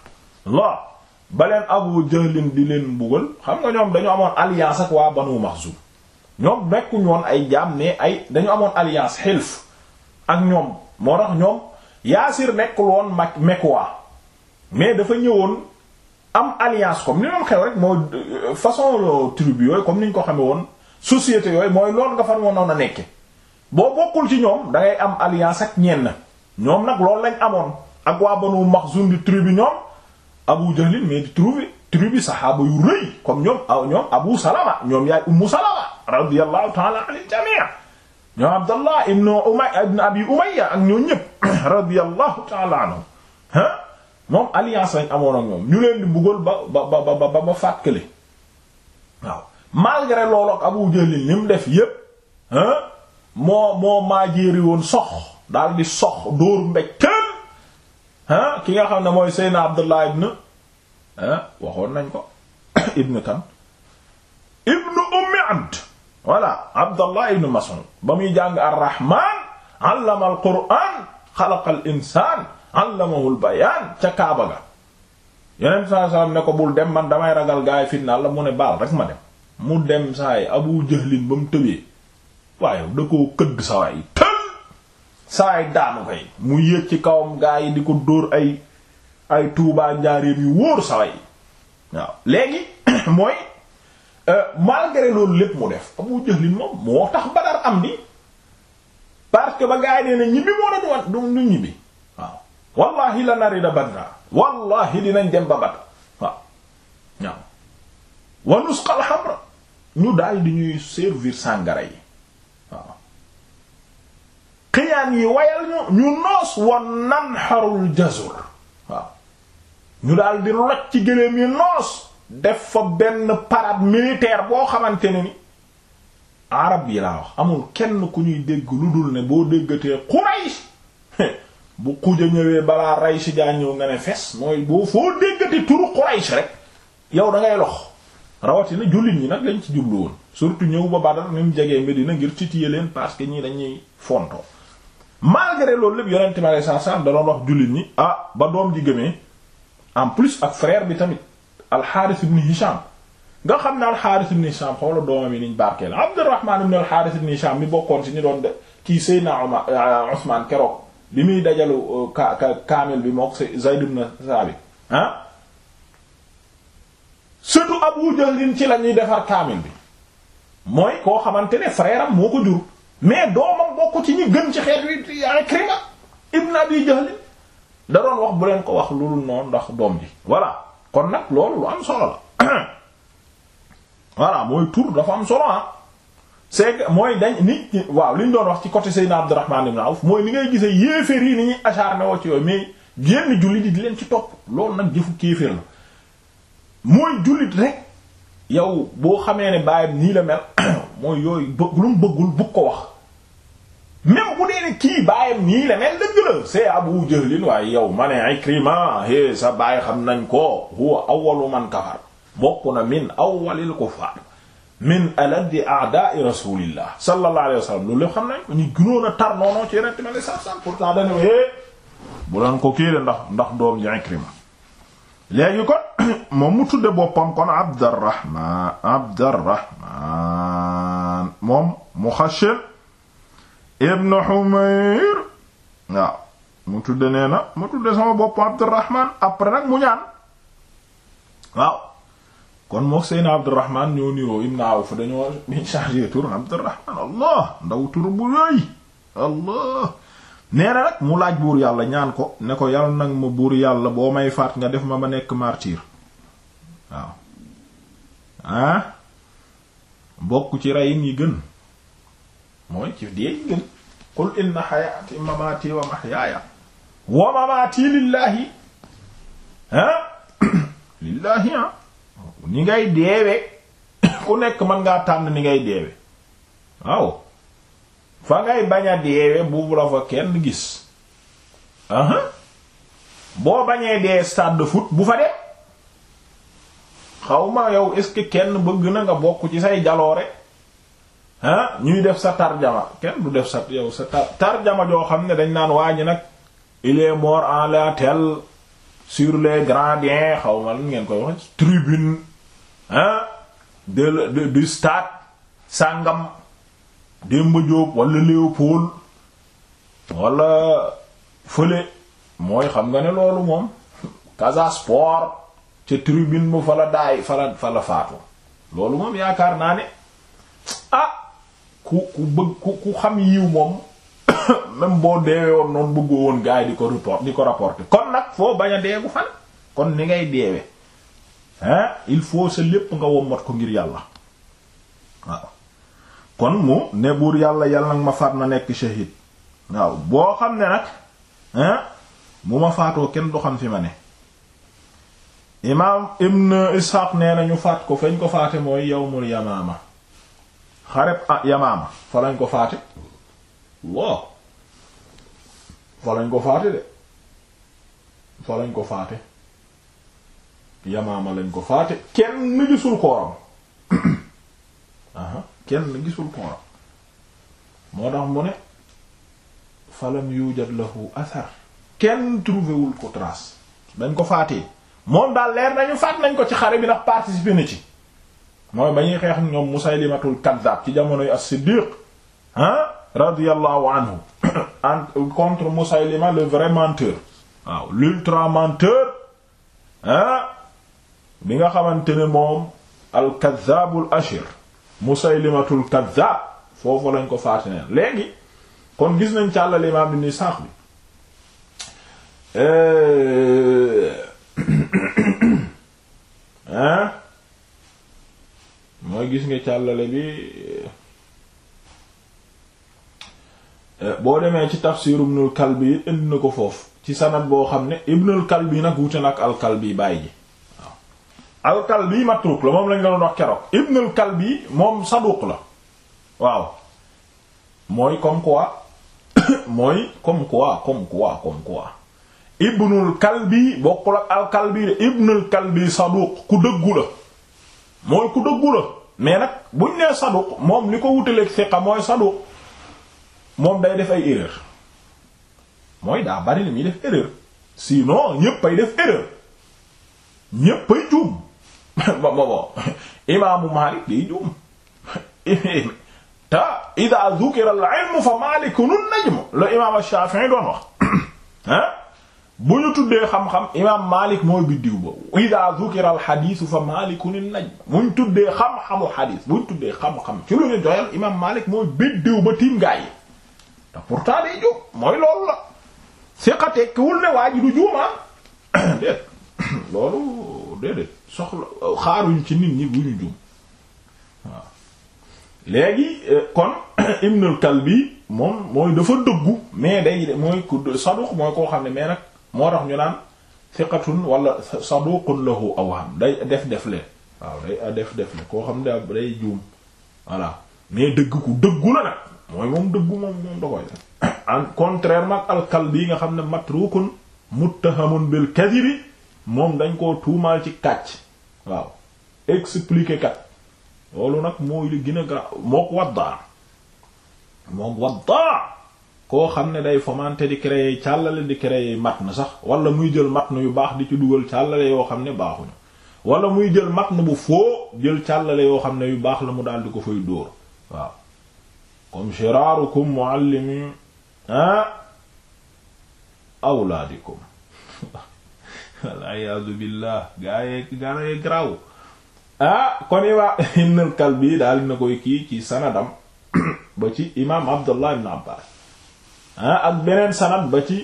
Allah ba leen Abu Jahlin di leen mbugal xam nga ñoom dañu amoon alliance ak waa Banu Maxsum ñoom nekku ñoon ay jaam ne ay dañu amoon alliance xilf ak ñoom moo tax ñoom Yaasir nekkul woon mag mekuwaa mais dafa ñëwoon am alliance comme ni doon xew rek moo euh, façon tribu yooyu comme ni ñu ko xamee woon société yooyu mooy loolu nga fan woon a nekke boo bokkul ci ñoom dangay am alliance ak ñenn ñoom nag loolu lañ amoon ak waa Banu Maxsum di tribu ñoom Abu Jahlin mais di trouver tribu yu rëy comme ñoom aw ah, ñoom Abu Salama ñoom yaay Ummu Salama radiyallahu ta'ala anil jami' ñoom Abdallah ibn ibn Abi Umayya ak ñoo ñëpp *coughs* radiyallahu ta'ala anhu ah moom alliance lañ amoon ak ñoom ñu di bëggoon ba ba ba ba ba fàttali waaw malgré loolu ak Abu Jahlin li def yépp ah moo moo maajeeri woon sox daal di sox dóor mbéj. ah ki nga xam ne mooy Seyna Abdullah ibn ah waxoon nañ ko *coughs* ibn kan ibn Ummi Abd voilà Abdullah ibn Mas'ud ba muy jàng ar-Rahman allama al-Qur'an xalaqa ca Kaaba ga yeneen ne ko bul dem man damay ragal gaay fitnaal la mu ne baal rek ma dem mu dem saa yi Abu Jahlin ba mu tëbee waaye da koo këdd saa yi saa yi daanu koy mu yéeg ci kawam gaa yi di ko dóor ay ay tuubaa njaareem yu wóor sawa yi waaw léegi *clears throat* mooy euh, malgré loolu lépp mu def Abu Jahl moom moo tax Badar am di parce que ba gaa yi nee na ñibbi moo doon wan du ñu ñibbi waaw wallahi la nari da Badra wallahi dinañ dem ba waaw waaw wa nusqa al-hamra ñu daal ñuy servir sàngara yi xiyaan yi wayal ñu ñu noos wan nan xarul waaw ñu daal di loj ci gëléem yi noos def fa benn parade militaire boo xamante ne ni arab yi laa wax amul kenn ku ñuy dégg lu dul ne boo déggatee Quraysh bu xuja ñëwee balaa ray si jaa ñëw nga ne fes mooy boo foo déggati turu Quraysh rek yow da ngay lox rawatina jullit ñi nag lañ ci jublu woon surtout ñëw ba Badar ni mu jegee Medina ngir titiller leen parce que ñii dañuy fontoo malgré loolu lépp yonent mi alayhi salaatu salaam da jullit ñi ah ba doom ji gëmee en plus ak frère bi tamit alxaaris ibn Hisham nga xam ne alxaaris ibn Hisham xoola doomam yi niñ barkeel Abdurrahman ibn alxaaris ibn Hisham mi bokkoon ci ñu doon de kii Seydina Omar euh, Ousmane keroog bi muy dajalu euh, ka kaamil bi mook Zayd ibn Saabit ah surtout Abu Jahl ci la ñuy defar kaamil bi mooy koo xamante ne frère am moo ko jur mais doomam bokk ci ñu gën ci xeet wi Ikrima ibn Abi Jahl da doon wax bu leen ko wax loolu noonu ndax doom ji voilà kon nag loolu lu am solo la *coughs* voilà mooy tur dafa am solo ah c'est mooy dañ nit waaw li ñu doon wax ci côté Seydina Abdourahman ibn Awf mooy ni ngay gisee yéeféer yi ni ñuy acharné woo ci yooyu mais génn jullit yi di leen ci topp loolu nag jëfu kéeféer la mooy jullit rek yow boo xamee ne bàyyam nii la mel mooy yooyu bëgg lu mu bëggul bëgg ko wax même bu dee ne kii baayam nii la mel dëgg la Abu Jahlin waaye yow ma ne Ikrima sa baay xam nañ ko huwa awwalu man kafar bokk na min awwalil kuffar min aladi a'da'i rasulillah sallallahu alayhi wasallam loolu lépp xam nañ ko ñu gënoon a tar noonoo ci yeneen tamit sax sax pourtant dañu ne bu leen ko kii de ndax ndax doom ji Ikrima *coughs* moom mu tudde boppam kon abdarrahman abdarrahman moom muxashir ibn humayr waaw mu tudde nee na mu tudde sama bopp abdarrahman après nag mu ñaan waaw kon moo seyna abdarrahman ñoo niroo ibn awf dañoo dañ changer tur abdarrahman allah ndaw tur bu rëy allah nee na mu laaj buur yàlla ñaan ko ne ko yàlla nag ma buur yàlla boo may faat nga def ma ma nekk martyr waaw ah bokk ci reyin yi gën mooy ci dee yi gën qul inna hayati mamati wa mahyaaya wa mamati lillaahi ah *coughs* lillaahi ah ni ngay deewe *coughs* ku nekk mën ngaa tànn ni ngay deewe waaw fa ngay bañ a deewe bu la fa kenn gis boo bañee dee stade foot bu fa dee xaw ma yow est-ce que kenn bëgg na nga bokk ci say jaloore ah ñuy def sa tarjama kenn du def sa yow sa tar tarjama joo xam ne dañ naan waa ji nag il mort en la telle sur les gradins xaw ma lan ngeen koy wax tribune ah de du stade sàngam Demba Diop walla Léopold wala fële mooy xam nga ne loolu moom Casa ca tribune mu fa la daay fa la fa la faatu loolu moom yaakaar naa ne ah ku ku bëgg ku ku xam yiw moom *coughs* même boo deewee woon noonu bëggoo woon gars di ko report di ko rapporter kon nag foo bañ a deegu fan kon ni ngay deewe hein il faut sa lépp nga wommat ko ngir yàlla waaw kon mu ne buur yàlla yàlla nag ma faat na nekk shahid waaw boo xam ne nag hein mu ma faatoo kenn du xam fi ma ne imaam ibn ishaq nee na ñu faat ko fañ ko faate mooy yawmul yamaama xareb ah, yamaama fa lañ ko faate waaw fa lañ ko faate de fa lañ ko faate yamaama lañ ko faate kenn gisul kooram *coughs* aha kenn gisul kooram moo tax mu ne falam yujad lahu athar kenn trouvéwul ko trace dañ ko faatee moom daal leer nañu faat nañ ko ci xare bi ndax participer na ci moom ba ñuy xeex ñoom Musaylimatul Kaddaab ci jamonoy as-Siddiq ah radiyallahu anhu en *coughs* contre Musaylima le vrai menteur waaw l'ultra menteur ah, bi nga xamante ne moom al-Kaddaabul Ashir Musaylimatul Kaddaab foofu lañ ko faat neen léegi kon gis nañ càllal imaam bi ni saax bi eh, *coughs* ah mooy gis nga càllale bi eh, eh, boo demee ci tafsiru ibnul kalbi yi indi na ko foofu ci sanad boo xam ne ibnul kalbi nag wute nag alkalbi bàyyi ji waaw alkalbi matruk la moom lañ la doon wax keroog ibnul kalbi moom saduq la waaw mooy comme quoi *coughs* mooy comme quoi comme quoi comme quoi ibnul kalbi bokkul ak al kalbi de ibnul kalbi saduq ku dëggu mooy ku dëggu la nag buñ nee saduq moom li ko wutaleeg siqa mooy saduq moom day def ay erreur mooy daa bari li muy def erreur sinon ñépp ay def erreur ñépp juum ba *laughs* boobo imaamu Maalik day juum *laughs* te ida zukira al ilm fa Maalikun najm la imaam Shaafi'i doon wax ah *clears throat* bu ñu tuddee xam-xam imaam Maalik mooy biddiw ba ida zukira al xadiisu fa maalikun najm bu ñu tuddee xam-xamu xadiis bu ñu ci lu ñu joyal imaam Maalik mooy biddiw ba tiim gaa ta te pourtant day juum mooy loolu la siqa tekkiwul ne waa du juumaa *coughs* déet *coughs* ci nit ñi bu léegi euh, kon *coughs* Ibnul Kalbi moom mooy dafa dëggu mais day mooy ku saduq mooy koo xam ne mais moo tax ñu naan thiqatun wala saduqun lahu awham day def def waaw day def def koo xam ne day juum voilà mais dëgg ku dëggu la nag mooy moom da koy *coughs* contrairement alkal bii nga xam ne matrukun muttahamun bil kadhibi moom dañ koo tuumaal ci kàcc waaw expliquer kat loolu nag mooy li gën a gra mook waddaa mook waddaa koo xam ne day fomante di créer càllale di créer matn sax wala muy jël matn yu baax di ci dugal càllale yoo xam ne baaxuñu wala muy jël matn bu foo jël càllale yoo xam ne yu baax la mu daal di ko fay dóor waaw comme shirarukum muallimi ah awlaadikum waliyasu billah gaayee gaayee daal na koy kii ci sanadam *coughs* ba ci imaam Abdullah ibn Abbas Ah, ak beneen sanad ba ci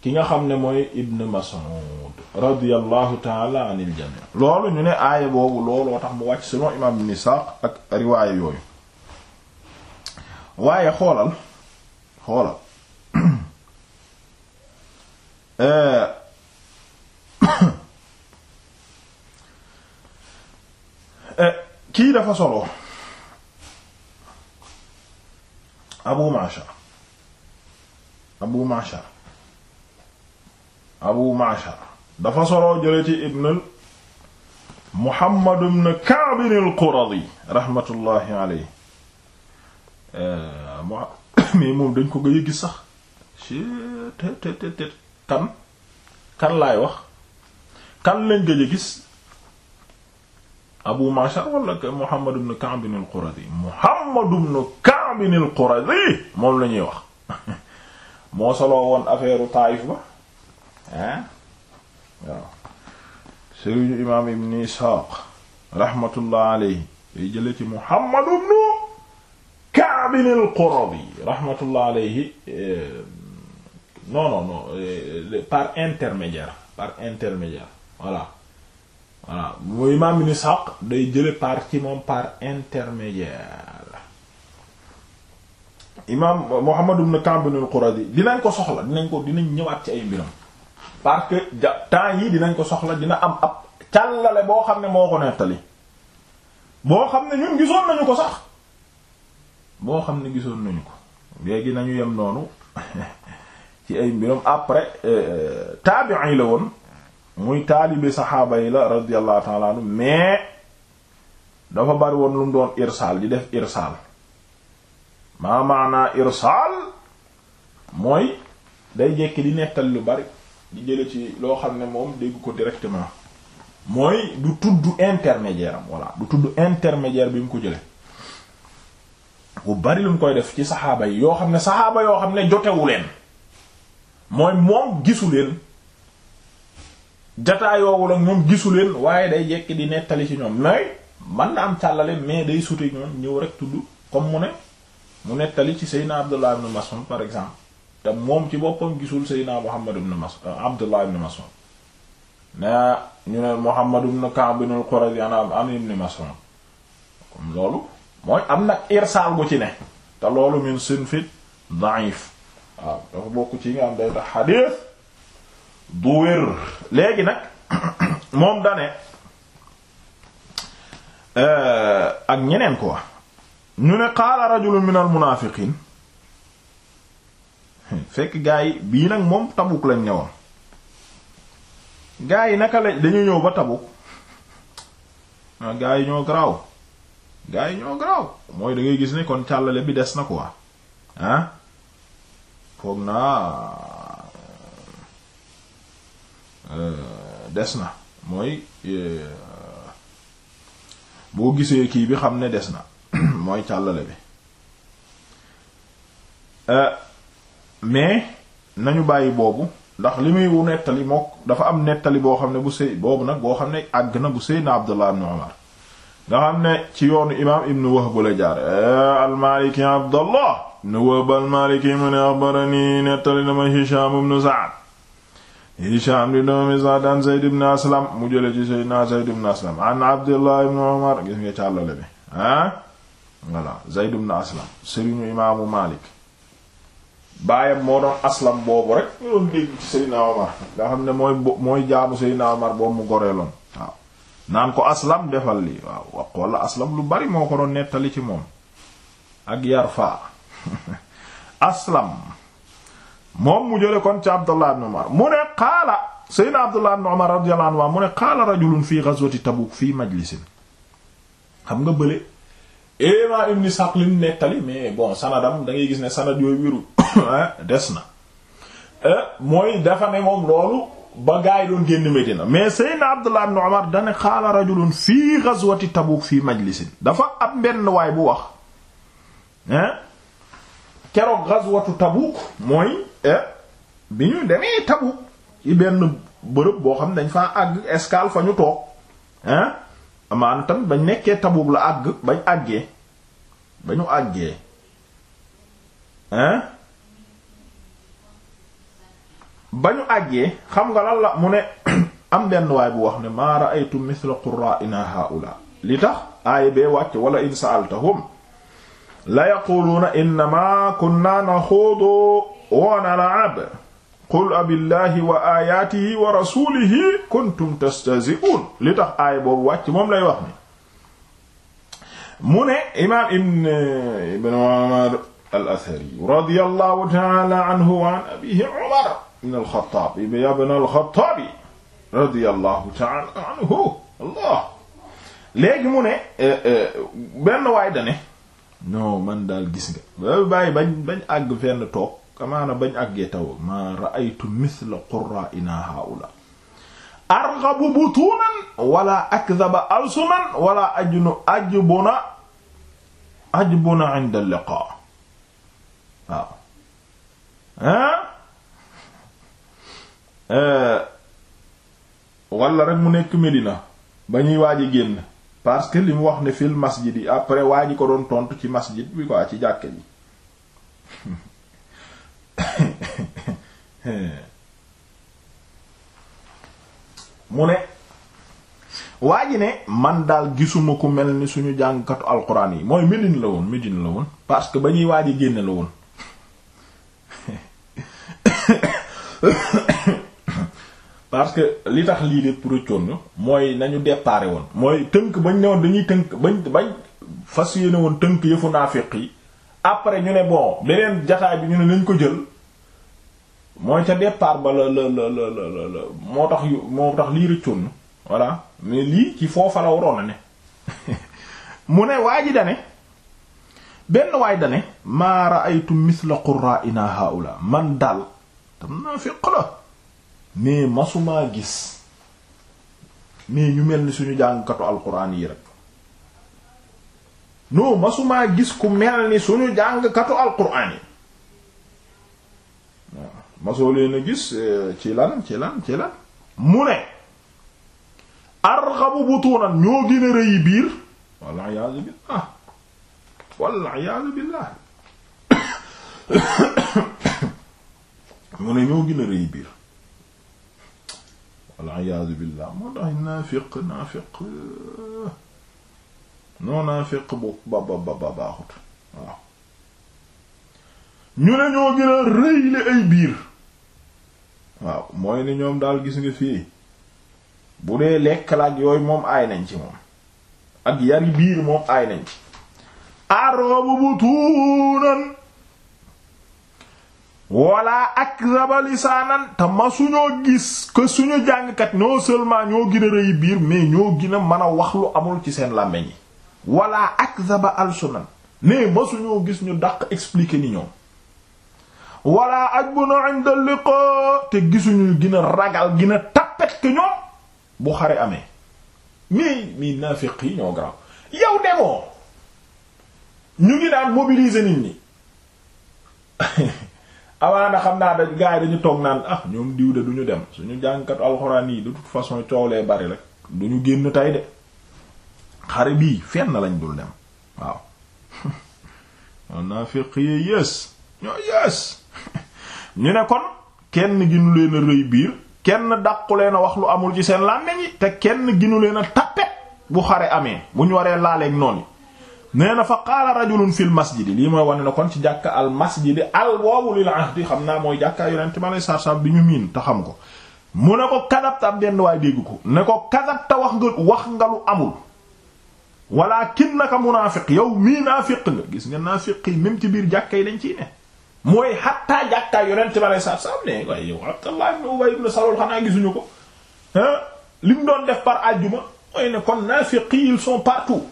ki nga xam ne mooy Ibn Mas'ud radiyallahu taala anil jami' loolu ñu ne aaya boobu looloo tax mu wàcc selon imam Ibn Ishaq ak riwaaya yooyu waaye xoolal xoolal *coughs* eh, *coughs* eh, kii dafa solo Abu Masha abu mashar abu mashar dafa soroo jële ci ibn muhammad ibn ka'b al-quradi rahmatullahi alayhi euh, *coughs* moom dañ ko gëj a gis sax kan kan laay wax kan lañ gëj a gis abu mashar wala muhammad ibn ka'b al-quradi muhammad ibn ka'b al-quradi moom la wax *laughs* moo solo woon affaire taayif ba ah waaw sëriñu imaam ibn Isxaaq rahmatullah alayhi day jële ci Muhammad ibn Ka'b al-Qurazi rahmatullah alayhi eh, non non non eh, par intermédiaire par intermédiaire voilà voilà mu imaam ibn Isxaaq day jële par ci moom par intermédiaire imaam Muhammad na Ka'b al-Quradi dinañ ko soxla dinañ ko dinañ ñëwaat ci ay mbiram parce que temps yi dinañ ko soxla dina am ab càllale boo xam ne moo ko nettali boo xam ne ñun gisoon nañu ko sax boo xam ne gisoon nañu ko léegi nañu yem noonu *laughs* ci ay mbiram après euh, euh, taabi'i la woon muy taalibe saxaaba yi la radiyallahu ta'ala anhu mais dafa bari woon lu mu doon irsaal di def irsaal maa maana irsaal mooy day jekki di nettal lu bari di jële ci loo xam ne moom dégg ko directement mooy du tudd intermédiaire am voilà du tudd intermédiaire bi mu ko jële bu bari lu mu koy def ci saxaaba yi yoo xam ne saxaaba yoo xam ne jotewu leen mooy moom gisu leen jataayoowul ak ñoom gisu leen waaye day jekki di nettali ci ñoom mooy man na am càllale mais day sute ñoom ñëw rek tudd comme mu ne mu nettali ci Seydina Abdullah ibn Mas'ud par exemple te moom ci boppam gisul Seydina Muhammad ibn Mas'ud euh, Abdullah ibn Mas'ud na ñu ne Muhammad ibn Ka'b ibn al-Qurazi an ibn loolu mooy am na irsaal gu ci ne te loolu min sinfi da'if waaw dafa bokk ci nga am day tax xadiis du wér léegi nag *coughs* moom dane euh, ak ñeneen quoi ñu ne qaala rajulun min al munaafiqiin fekk gaa yi bii nag moom tabuk lañ ñëwoon gaa yi naka lañ dañu ñëw ba tabuk ah, gaa yi ñoo garaaw gaa yi ñoo garaaw mooy da ngay gis ni kon càllale bi des na quoi ah foog naa euh, des na mooy euh, boo gisee kii bi xam ne des na *clears throat* mooy càllale bi euh, mais nañu bàyyi boobu ndax li muy wu nettali mook dafa am nettali boo xam ne bu sëy boobu nag boo xam ne àgg na bu Seydina Abdullah ibn Umar nga xam ci yoonu imaam ibn Wahb la jaar al-Maliki Abdullah ibn Wahb al-Maliki mu ne axbarani nettali na ma Hisham ibn Sa'd Hisham di doomi Sa'd an Zayd Aslam mu jële ci Seydina Zayd ibn Aslam an Abdullah ibn Umar gis nga càllale bi ah? voilà Zayd ibn Aslam sëriñu imaamu Malik baayam moo doon Aslam boobu rek ñu doon dégg Seydina Omar nga xam ne mooy mooy jaamu Seydina Omar boobu mu goreeloon waaw naan ko Aslam defal li waaw wax wala Aslam lu bari moo ko doon nettali ci moom ak Yarfa *laughs* Aslam moom mu jële kon ci Abdullah ibn Umar mu ne qaala Seydina Abdullah ibn Umar radiyallahu anhu mu ne qaala rajulun fi ghazwati Tabuk fi majlisin xam nga bële imam ibn Ishaq li mu nettali mais bon sanadam da ngay gis ne sanad yooyu wéru *coughs* ah, des na euh, mooy dafa ne moom loolu ba gaa yi doon génn Medina mais Seydina Abdullah ibn Umar dane xaala rajulun fii ghazwati Tabuk fii majlisin dafa am benn waay bu wax keroog ghazwatu Tabuk mooy eh, bi ñu demee Tabuk ci benn bërëb boo xam ne dañ faa àgg escale fa ñu toog ah amaan tam bañ nekkee Tabuk la àgg bañ àggee ba àggee hein ba àggee xam nga lan la mu ne *clears throat* am benn waay bu wax ne maa ra'aytu mithla qurra'ina haula li tax aaya bee wàcc wala in sa'altahum la yaquluna innama kunna naxuudu wa nal'ab qul abillahi wa ayatihi wa rasulihi kuntum tastahzi'un li tax aaya boobu wàcc moom lay wax ni mu ne imaam ibn ibn Umar al-Athari radiyallahu ta'ala anhu wa an abihi Umar ibn al-Khattab ibn al-Khattab radiyallahu ta'ala anhu Allah léegi mu ne eh, eh, benn waay dane non man daal gis nga bàyyi bañ bañ àgg fenn toog kamaana bañ àggee taw ma ra'aytu mithla qurra'ina haula arghabu butunan wala akdhaba alsunan wala ajnu ajbuna ajbuna 'inda al-liqa waaw euh, ba ñuy waaj a génn parce que li mu wax ne fil masjid yi après waa ko doon tontu ci masjid bi quoi ci jàkke ji *laughs* mu ne waa ji ne man daal gisuma ku mel ni suñu jàngkatu alxuraan yi mooy Médine la woon Médine la woon parce que ba ñuy waa ji génne la woon *coughs* parce que li tax lii lépp rëccoon mooy nañu déparé woon mooy tënk bañ ne woon dañuy tënk bañ bañ fas yéene woon tënk yëfu naafiq yi après ñu ne bon beneen jataay bi ñu ne nañ ko jël mooy ca départ ba la la la la moo tax yu moo tax lii rëccoon na voilà mais lii ci foofa la waroon ne *laughs* mu ne waa dane benn waay dane maa ra'aytu misla qurra'ina haula man daal tam naa fiq la mais masumaa gis mais ñu mel ni suñu jàngkatu alquran yi rek non masumaa gis ku mel ni suñu jàngkatu alquran yi waaw masoo leen gis eh, ci lan ci lan ci lan mu ne arxabu butuunan ñoo gën a rëyi biir walla iyaazu billah mu ne ñoo gën a rëyi biir walla iyaazu billah moo tax naafiq naafiq eh. noonaa féq bu ba ba baaxut waaw ñu ne ñoo gën a rëy li ay biir waaw mooy ni ñoom daal gis nga fii bu dee lekk la ak yooyu moom aay nañ ci moom ak yari biir moom aay nañ ci aroobu bu tuunan wala ak rabali saanan te ma suñoo gis que suñu jàngkat non seulement ñoo gën a rëy biir mais ñoo gën a mën a wax lu amul ci seen làmmiñ yi wala akzaba alsunan ne masuñoo gis ñu daq explique ni ñoom wala ajbuna inda liqa te gisuñu dina ragal gën a tappet que ñoom bu xare amee mii mii naafiq yi ñoo garaaw yow demoo ñu ngi daan mobiliser nit ñi amaana *laughs* xam naa da gars yi dañu toog naan ah ñoom diw de ñu dem suñu jàngkatu alxuraan yi de toute façon coow lee bari rek duñu génn tey de xare bii fenn lañ dul dem waaw wan *laughs* naa féq yee yées ñoo yées *laughs* ñu ne kon kenn ginu rëy biir kenn dàqu leen a wax lu amul ci seen làmmeñ yi te kenn ginu leen a tappet bu xare amee bu ñu waree laaleeg noon nee na fa qaala rajulun fil masjidi lii mooy wane na kon ci jàkka al masjidi al boobu lil ahdi xam naa mooy jàkkaa yonente ma lay sarsab bi ñu miin te xam ko mu ne ko kadabta am benn waay dégg ko ne ko kadabta wax nga wax nga lu amul walakinnaka munaafiq yow mii naafiq nga gis nga naafiq yi même ci biir jàkka yi dañ ciy mooy xattaa jàkkaay yonent bi alei satu ne waaye yow Abdallah ibn Ubay ibn Salul xanaa gisuñu ko li mu doon def par àjjuma mooy ne kon naafiq yi ils sont partout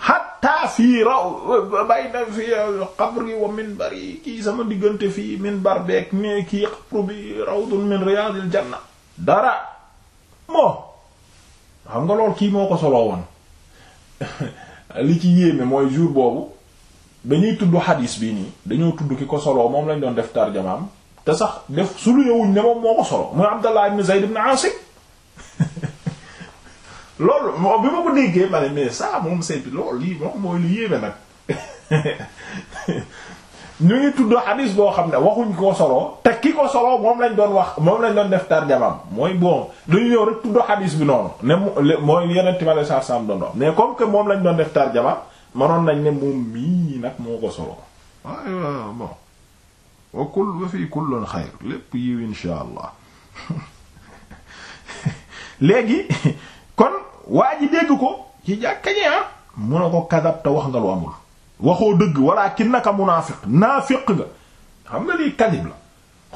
xatta fi qabri wa minbar yi bi rawdun min riyadil janna dara moo xam nga lool kii moo ko solo *laughs* li ci yéeme mooy jour boobu dañuy tudd xadis bi nii dañoo tudd ki ko solo moom lañ doon def tarjamaam te sax def sulu yowuñ ne moom moo ko solo muy Abdallah ibn Zayd ibn Asim *laughs* loolu bi ma ko déggee ma ne mais ça moom saytu loolu lii moom mooy lu yéeme nag *laughs* ñu ngi tudd hadis boo xam ne waxuñ koo soloo te ki ko soloo moom lañ doon wax moom lañ doon def tarjamam mooy bon dañu ñëw rek tudd hadis bi noonu ne mooy yeneen timale saa saam doon doon mais comme que moom lañ doon def tarjamam manoon nañ ne moom mii nag moo ko soloo waaw bon wa kull wa fii kullun xayr lépp yiw insha allah *laughs* léegi kon waa ji dégg ko ci jàkka ji ah mun na ko kadab te wax nga lu amul waxoo dëgg walaakin naka munaafiq naafiq nga xam nga lii kadib la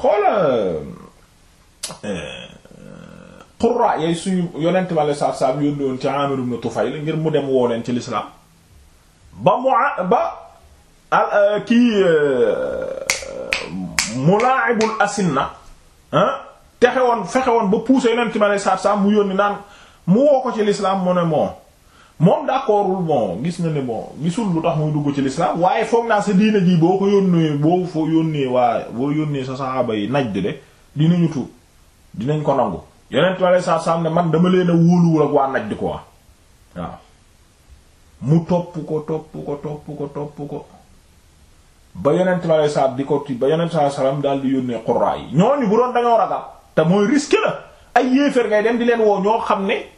xoola euh, euh, qurra yay suñu yonent ma la saab saab yónni woon ci Amir ibn mu dem woo leen ci lislaam ba mu ba euh, kii mulaa'ibul asinna texe woon fexe woon ba pousser yonent ma la saab saab mu yónni ci lislaam mu ne moom moom daa d'accordul bon gis na ne bon gisul lu tax muy dugg ci l'islam waaye foog naa sa diina ji boo ko yónnee boo foo yónnee waa boo yónnee sa saxaaba yi najd de dinañu tu dinañ ko nangu yeneen tool yi sax ne man dama leen a wóoluwul ak waa najd quoi mu topp ko topp ko topp ko topp ko. ba yonent ma lay di ko ti ba yonent saa salaam daal di yónnee qurra yi ñooñu bu doon dañoo ragal te mooy risque la ay yéeféer ngay dem di leen woo ñoo xam ne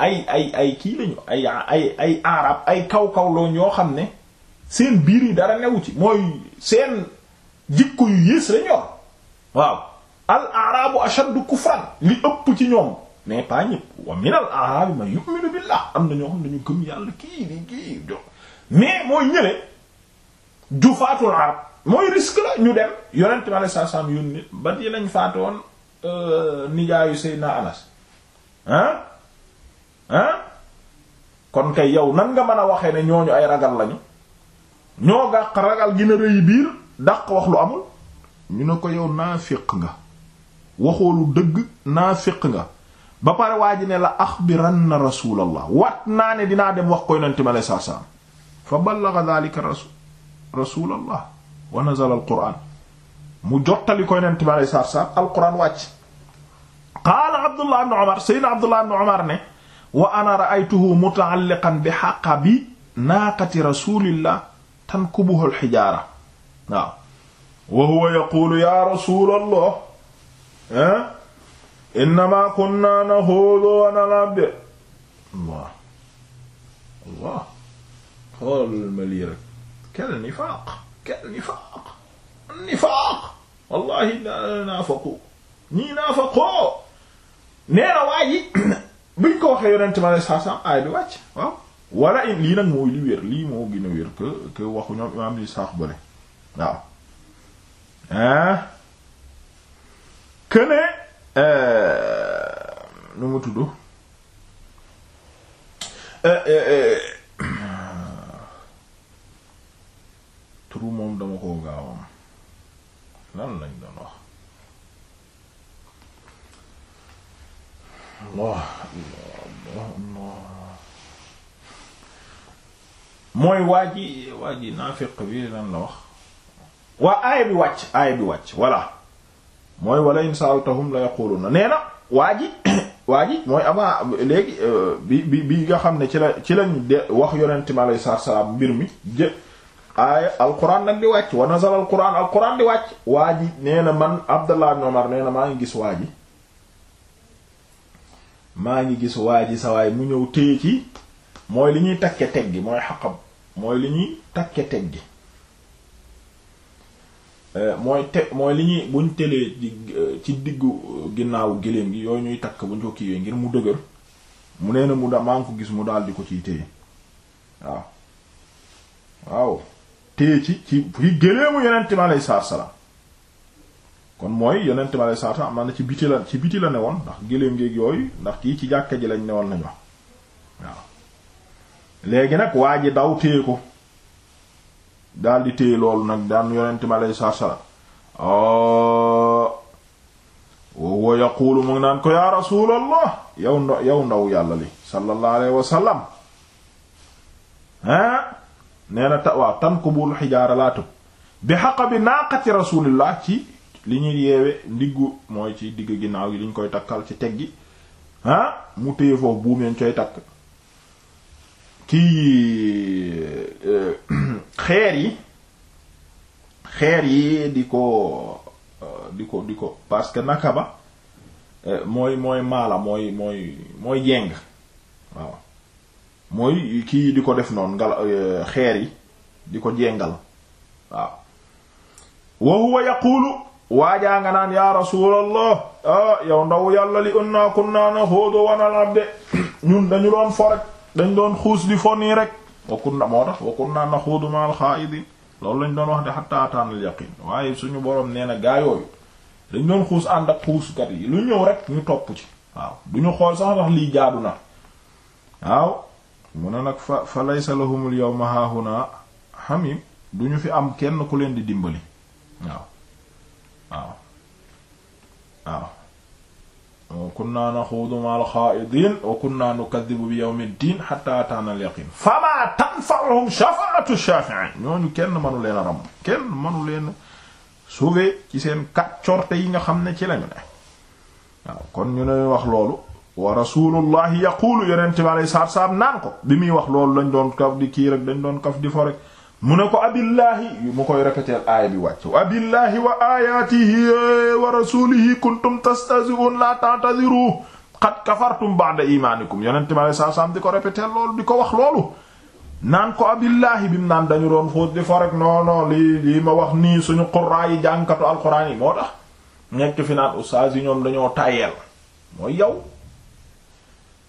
ay ay ay kii lañu ay ay ay arab ay kaw-kaw looñ yoo xam ne seen biir yi dara newu ci mooy seen jikko yu yées la ñor waaw al arabu ashaddu kufran li ëpp ci ñoom mais pas ñëpp wa min al arabi man yu'minu billah am na ñoo xam dañu gëm yàlla kii di kii jo mais mooy ñële jufaatul arab mooy risque la ñu dem yonent bi alayhi salaam yónni ba yi lañ faatoon euh, nijaayu Seydina Anas ah ah kon kay yow nan nga mën a waxee ne ñooñu ay ragal lañu ñoo gàq ragal gina rëy biir dàq wax lu amul ñu ne ko yow naafiq nga waxoolu dëgg naafiq nga ba pare waa ji ne la axbiranna rasulallah wat naa ne dinaa dem wax ko yonente mi aleye sat salaam fa ballaga dalika rasu rasulallah wa nazala al quran mu jottali ko yonente mi aleye sat salaam alquran wàcc qaala abdullah ibn umar sayyidina abdullah ibn umar ne wa ana ra'aytuhu muta'alliqan bi haqabi naaqati rasulillah tankubuhu al-hijaara waaw wa huwa yaqulu ya rasulallah eh? innama kunna naxuudu wa nal'ab Allah Allah xoolal ma lii rek kal nifaaq kal nifaaq nifaaq wallahi naafaqu ñii naafaqoo nee na waaji buñ ko waxee yonent ma lay saa saa aay bi wàcc waaw wala in lii nag mooy li wér lii moo gën a wér que que waxu ñoom imaam ni saax waaw ah euh, que nu mu tudd euh, euh, turu moom dama ko gaawam lan lañ doon wax allah allah allah mooy waa ji waa ji naafiq bi lan la wax waa aaya bi wàcc aaya bi wàcc voilà mooy wala in saaltahum la yaquluna nee na waa ji *coughs* waa mooy avant léegi euh, bi bi nga xam ne ci la ci lañ de wax yonente mi alayhi salaatu salaam mbir mi jë aaya alquran nag di wàcc wa nazala alquran alquran di wàcc waa ji nee na man Abdallah ibn Umar nee na maa ngi gis waa ji maa ngi gis waa ji waay mu ñëw téye ci mooy li ñuy takke teg gi mooy xaqab mooy li ñuy takke teg gi euh, mooy te mooy li ñuy buñ telee euh, ci diggu euh, ginnaaw géléem gi yooyu ñuy takk buñ ko kiiwee ngir mu dëgër mu nee na mu da maa ngi ko gis mu daal di ko ciy téye waaw waaw téye ci ci i géléemu yonent mi aleyhi salaatu salaam kon mooy yonent ma lay saata am na ci biti la ci biti la ne woon ndax géléem géeg yooyu ndax kii ci jàkka ji lañ ne woon nañ wax waaw léegi nag waa ji daw téye ko daal di téye loolu nag daan yonent ma lay saar sala wa oh. yaqulu mu ngi naan ko yaa rasulallah yow nd yow ndaw yàlla li sallallahu alayhi wa sallam ah nee na ta waaw tan ko bul xijaara laa tëb bi xaqa bi naaqati rasulillah ci li ñuy yeewe ndiggu mooy ci digg ginnaaw yi li ñu koy takkal ci teg gi ah mu téye foofu buum yañ koy takk kii euh, *clears throat* xeer yi xeer yi di ko euh, di ko di ko parce que naka ba euh, mooy mooy maala mooy mooy mooy jeng waaw mooy kii di ko def noon ngal xeer yi di ko jengal waaw wa huwa yaqulu waajaa nga naan yaa rasuulallah ah, yow ndaw yàlla li unnaa kunnaa naxuudu wa nal'ab de *clears throat* ñun dañu doon fo rek dañ doon xuus di fo nii rek wa kunna moo tax wa kunnaa naxuudu ma'al xaa'idiin loolu lañ doon wax de hattaa ataanal yaqiin waaye suñu boroom nee na gaayooyu dañ doon xuus ànd ak xuuskat yi lu ñëw rek ñu topp ci waaw du ñu xool sax ndax lii jaadu na waaw mu ne nag fa fa laysa lahumul yawma haahunaa hamiim du ñu fi am kenn ku leen di dimbali waaw waaw wa kunna naxuudu ma'al xaa'idiin wa kunna nukaddibu bi yawmid diin hatta ataana al yaqiin famaa tanfa'uhum shafaa'atu shaafi'iin ñooñu kenn manu leen a ram kenn mënu leen sauver ci seen kàccorte yi nga xam ne ci lañu ne waaw kon ñu ne wax loolu wa rasulullahi yaquulu yonente bi alayhi salaatu salaam naan ko bi muy wax loolu lañ doon kaf di kii rek dañ doon kaf di fo mu ne ko abillaahi mu koy répéter aaya bi wàcc wa abillaahi wa ayaatihi eh, wa rasuulihi kuntum tastahzi'uun laa ta'tadiru qad kafartum ba'da imaanikum yonente mi aleye sat selaam di ko répéter loolu di ko wax loolu naan ko abillaahi bi mu naan dañu doon fóot di forek non lii lii ma wax nii suñu quraa yi jàngkatu alquran yi moo tax nekk fi naan ustaas yi ñoom dañoo tàyyeel mooy yow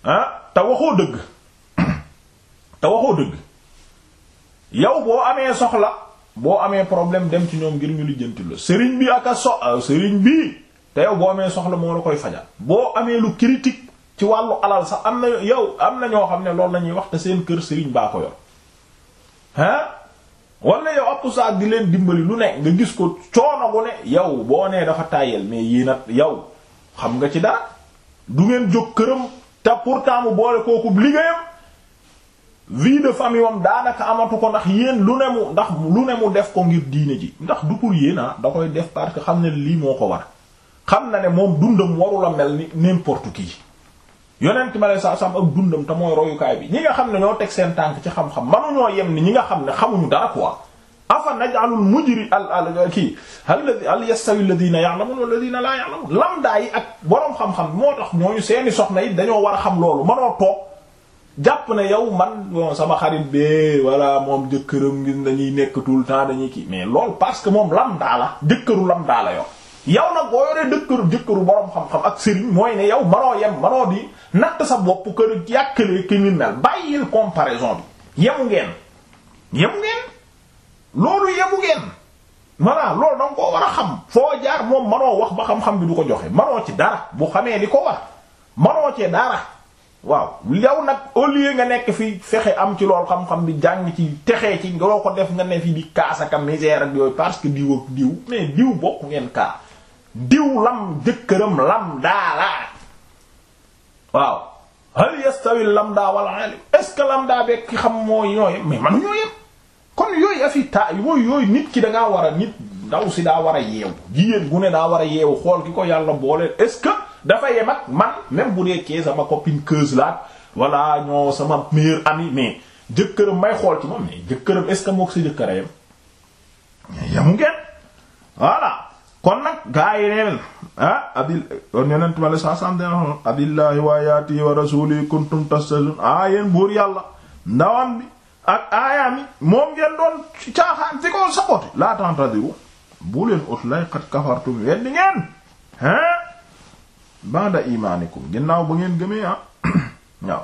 ah te waxoo dëgg *coughs* te waxoo dëgg yow boo amee soxla boo amee problème dem ci ñoom ngir ñu lijjanti la sëriñ bi ak a so euh, sëriñ bi te yow boo amee soxla moo la koy fajal boo amee lu critique ci wàllu alal sax am na yow am na ñoo xam ne lool la wax te seen kër sëriñ baa ko yor ah wala yow ab saa di leen dimbali lu ne nga gis ko coono gu ne yow boo nee dafa tàyyel mais yii nag yow xam nga ci dara du ngeen jóg këram te pourtant mu boole kooku liggéeyam vie de famille am daanaka amatu ko ndax yéen lu ne mu ndax lu ne mu def ko ngir diine ji ndax du pour yéen ah da koy def parce que xam ne lii moo ko war xam na ne moom dundam warula mel ni n'importe qui yonent ma saa sam ak dundam te mooy royukaay bi ñi nga xam ne ñoo teg seen tànk ci xam-xam manuñoo yem ni ñi nga xam ne xamuñu dara quoi afa naj'alul mujri al kii hal yastawi alladhina ya'lamun walladhina la ya'lamun lam daa yi ak boroom xam-xam moo tax ñooñu seeni soxna yi dañoo war a xam loolu manoo toog jàpp na yow man sama xarit bee walla moom jëkkëram ngir dañuy nekk tout le temps dañuy kii mais loolu parce que moom lambda la jëkkëru lambda la yow. yow na boo yoree dëkkëru jëkkëru boroom xam-xam ak sëriñ mooy ne yow manoo yem manoo di natt sa bopp kër yàkkalee ki ñu mel bàyyil comparaison bi yemu ngeen yemu ngeen loolu yemu ngeen voilà loolu danga koo war a xam foo jaar moom manoo wax ba xam-xam bi du ko joxe manoo ci dara bu xamee li ko war manoo dara waaw yow nag au lieu nga nekk fi fexe am ci loolu xam-xam bi jàng ci texee ci nga ko def nga ne fi di kaasaka misère ak yooyu parce que diw ak diw mais diw bokk ngeen kaa diw lam jëkkëram lam daa laa waaw hal yastawi lam daa wala alim ce que lam daa bekk xam mooy ñooye mais man kon yooyu afi ta yooyu yooyu nit ki dangaa war a nit ndaw si daa war a yeewu jigéen gu ne daa war a yeewu xool ki ko yàlla boole est dafa yem man même bu nekkee sama copine keuse la wala ñoo sama meilleur ami mais jëkkëram may xool ci moom mais jëkkëram est sa jëkkëra yem yamu ngeen voilà kon nag gaa yi ah, abil kon yonent wa ayatihi kuntum tastazun ah yéen buur yàlla ndawam bi ak aayaam moom ngeen doon caaxaan ci ko saxooti laa tentadiru bu leen ut lay xat kafartum weddi ngeen hein ba'da imaanikum ginnaaw ba ngeen gëmee ah *coughs* waaw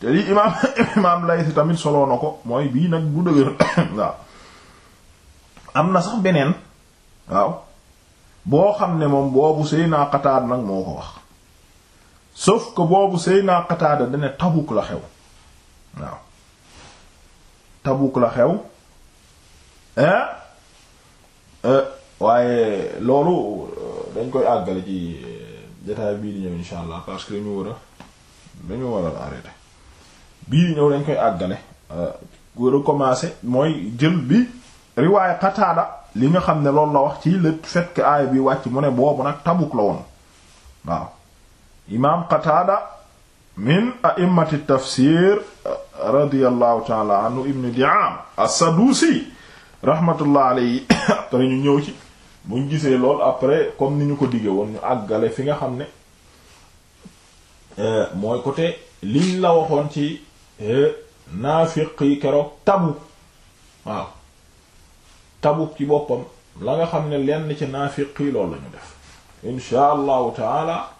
te lii imaam *coughs* imaam Layth tamit soloo ko mooy bii nag bu dëgër *coughs* waaw am na sax beneen waaw boo xam ne moom boobu Seydina Qataada nag moo ko wax sauf que boobu Seydina Qataada dane Tabuk la xew waaw Tabuk la xew euh, waaye loolu dañ koy àggale ji euh, jotaay bii di ñëw insha allah parce que dañu war a dañu ñëw dañ koy àggale war euh, a commencer mooy jël bi riwaaya Qataada li nga xam ne loolu la wax ci le fait que aaya bi wàcc mu ne boobu nag Tabuk la woon waaw imaam Qataada min a'immati tafsir euh, radiyallahu ta'ala anhu ibn *coughs* ñu ñëw ci buñ gisee lool après comme ni ñu ko diggee woon ñu àggale fi nga xam ne euh, mooy côté liñ la waxoon ci euh, naafiq yi keroog Tabuk waaw Tabuk ci boppam la nga xam ne lenn ci naafiq yi loolu def insha allahu taala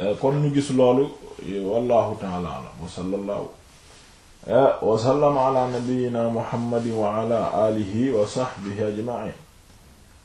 euh, kon ñu gis loolu wallahu taala alam wa sallallahu wa sallama ala nabiyyina muhammadin wa ala wa sahbihi ajma'in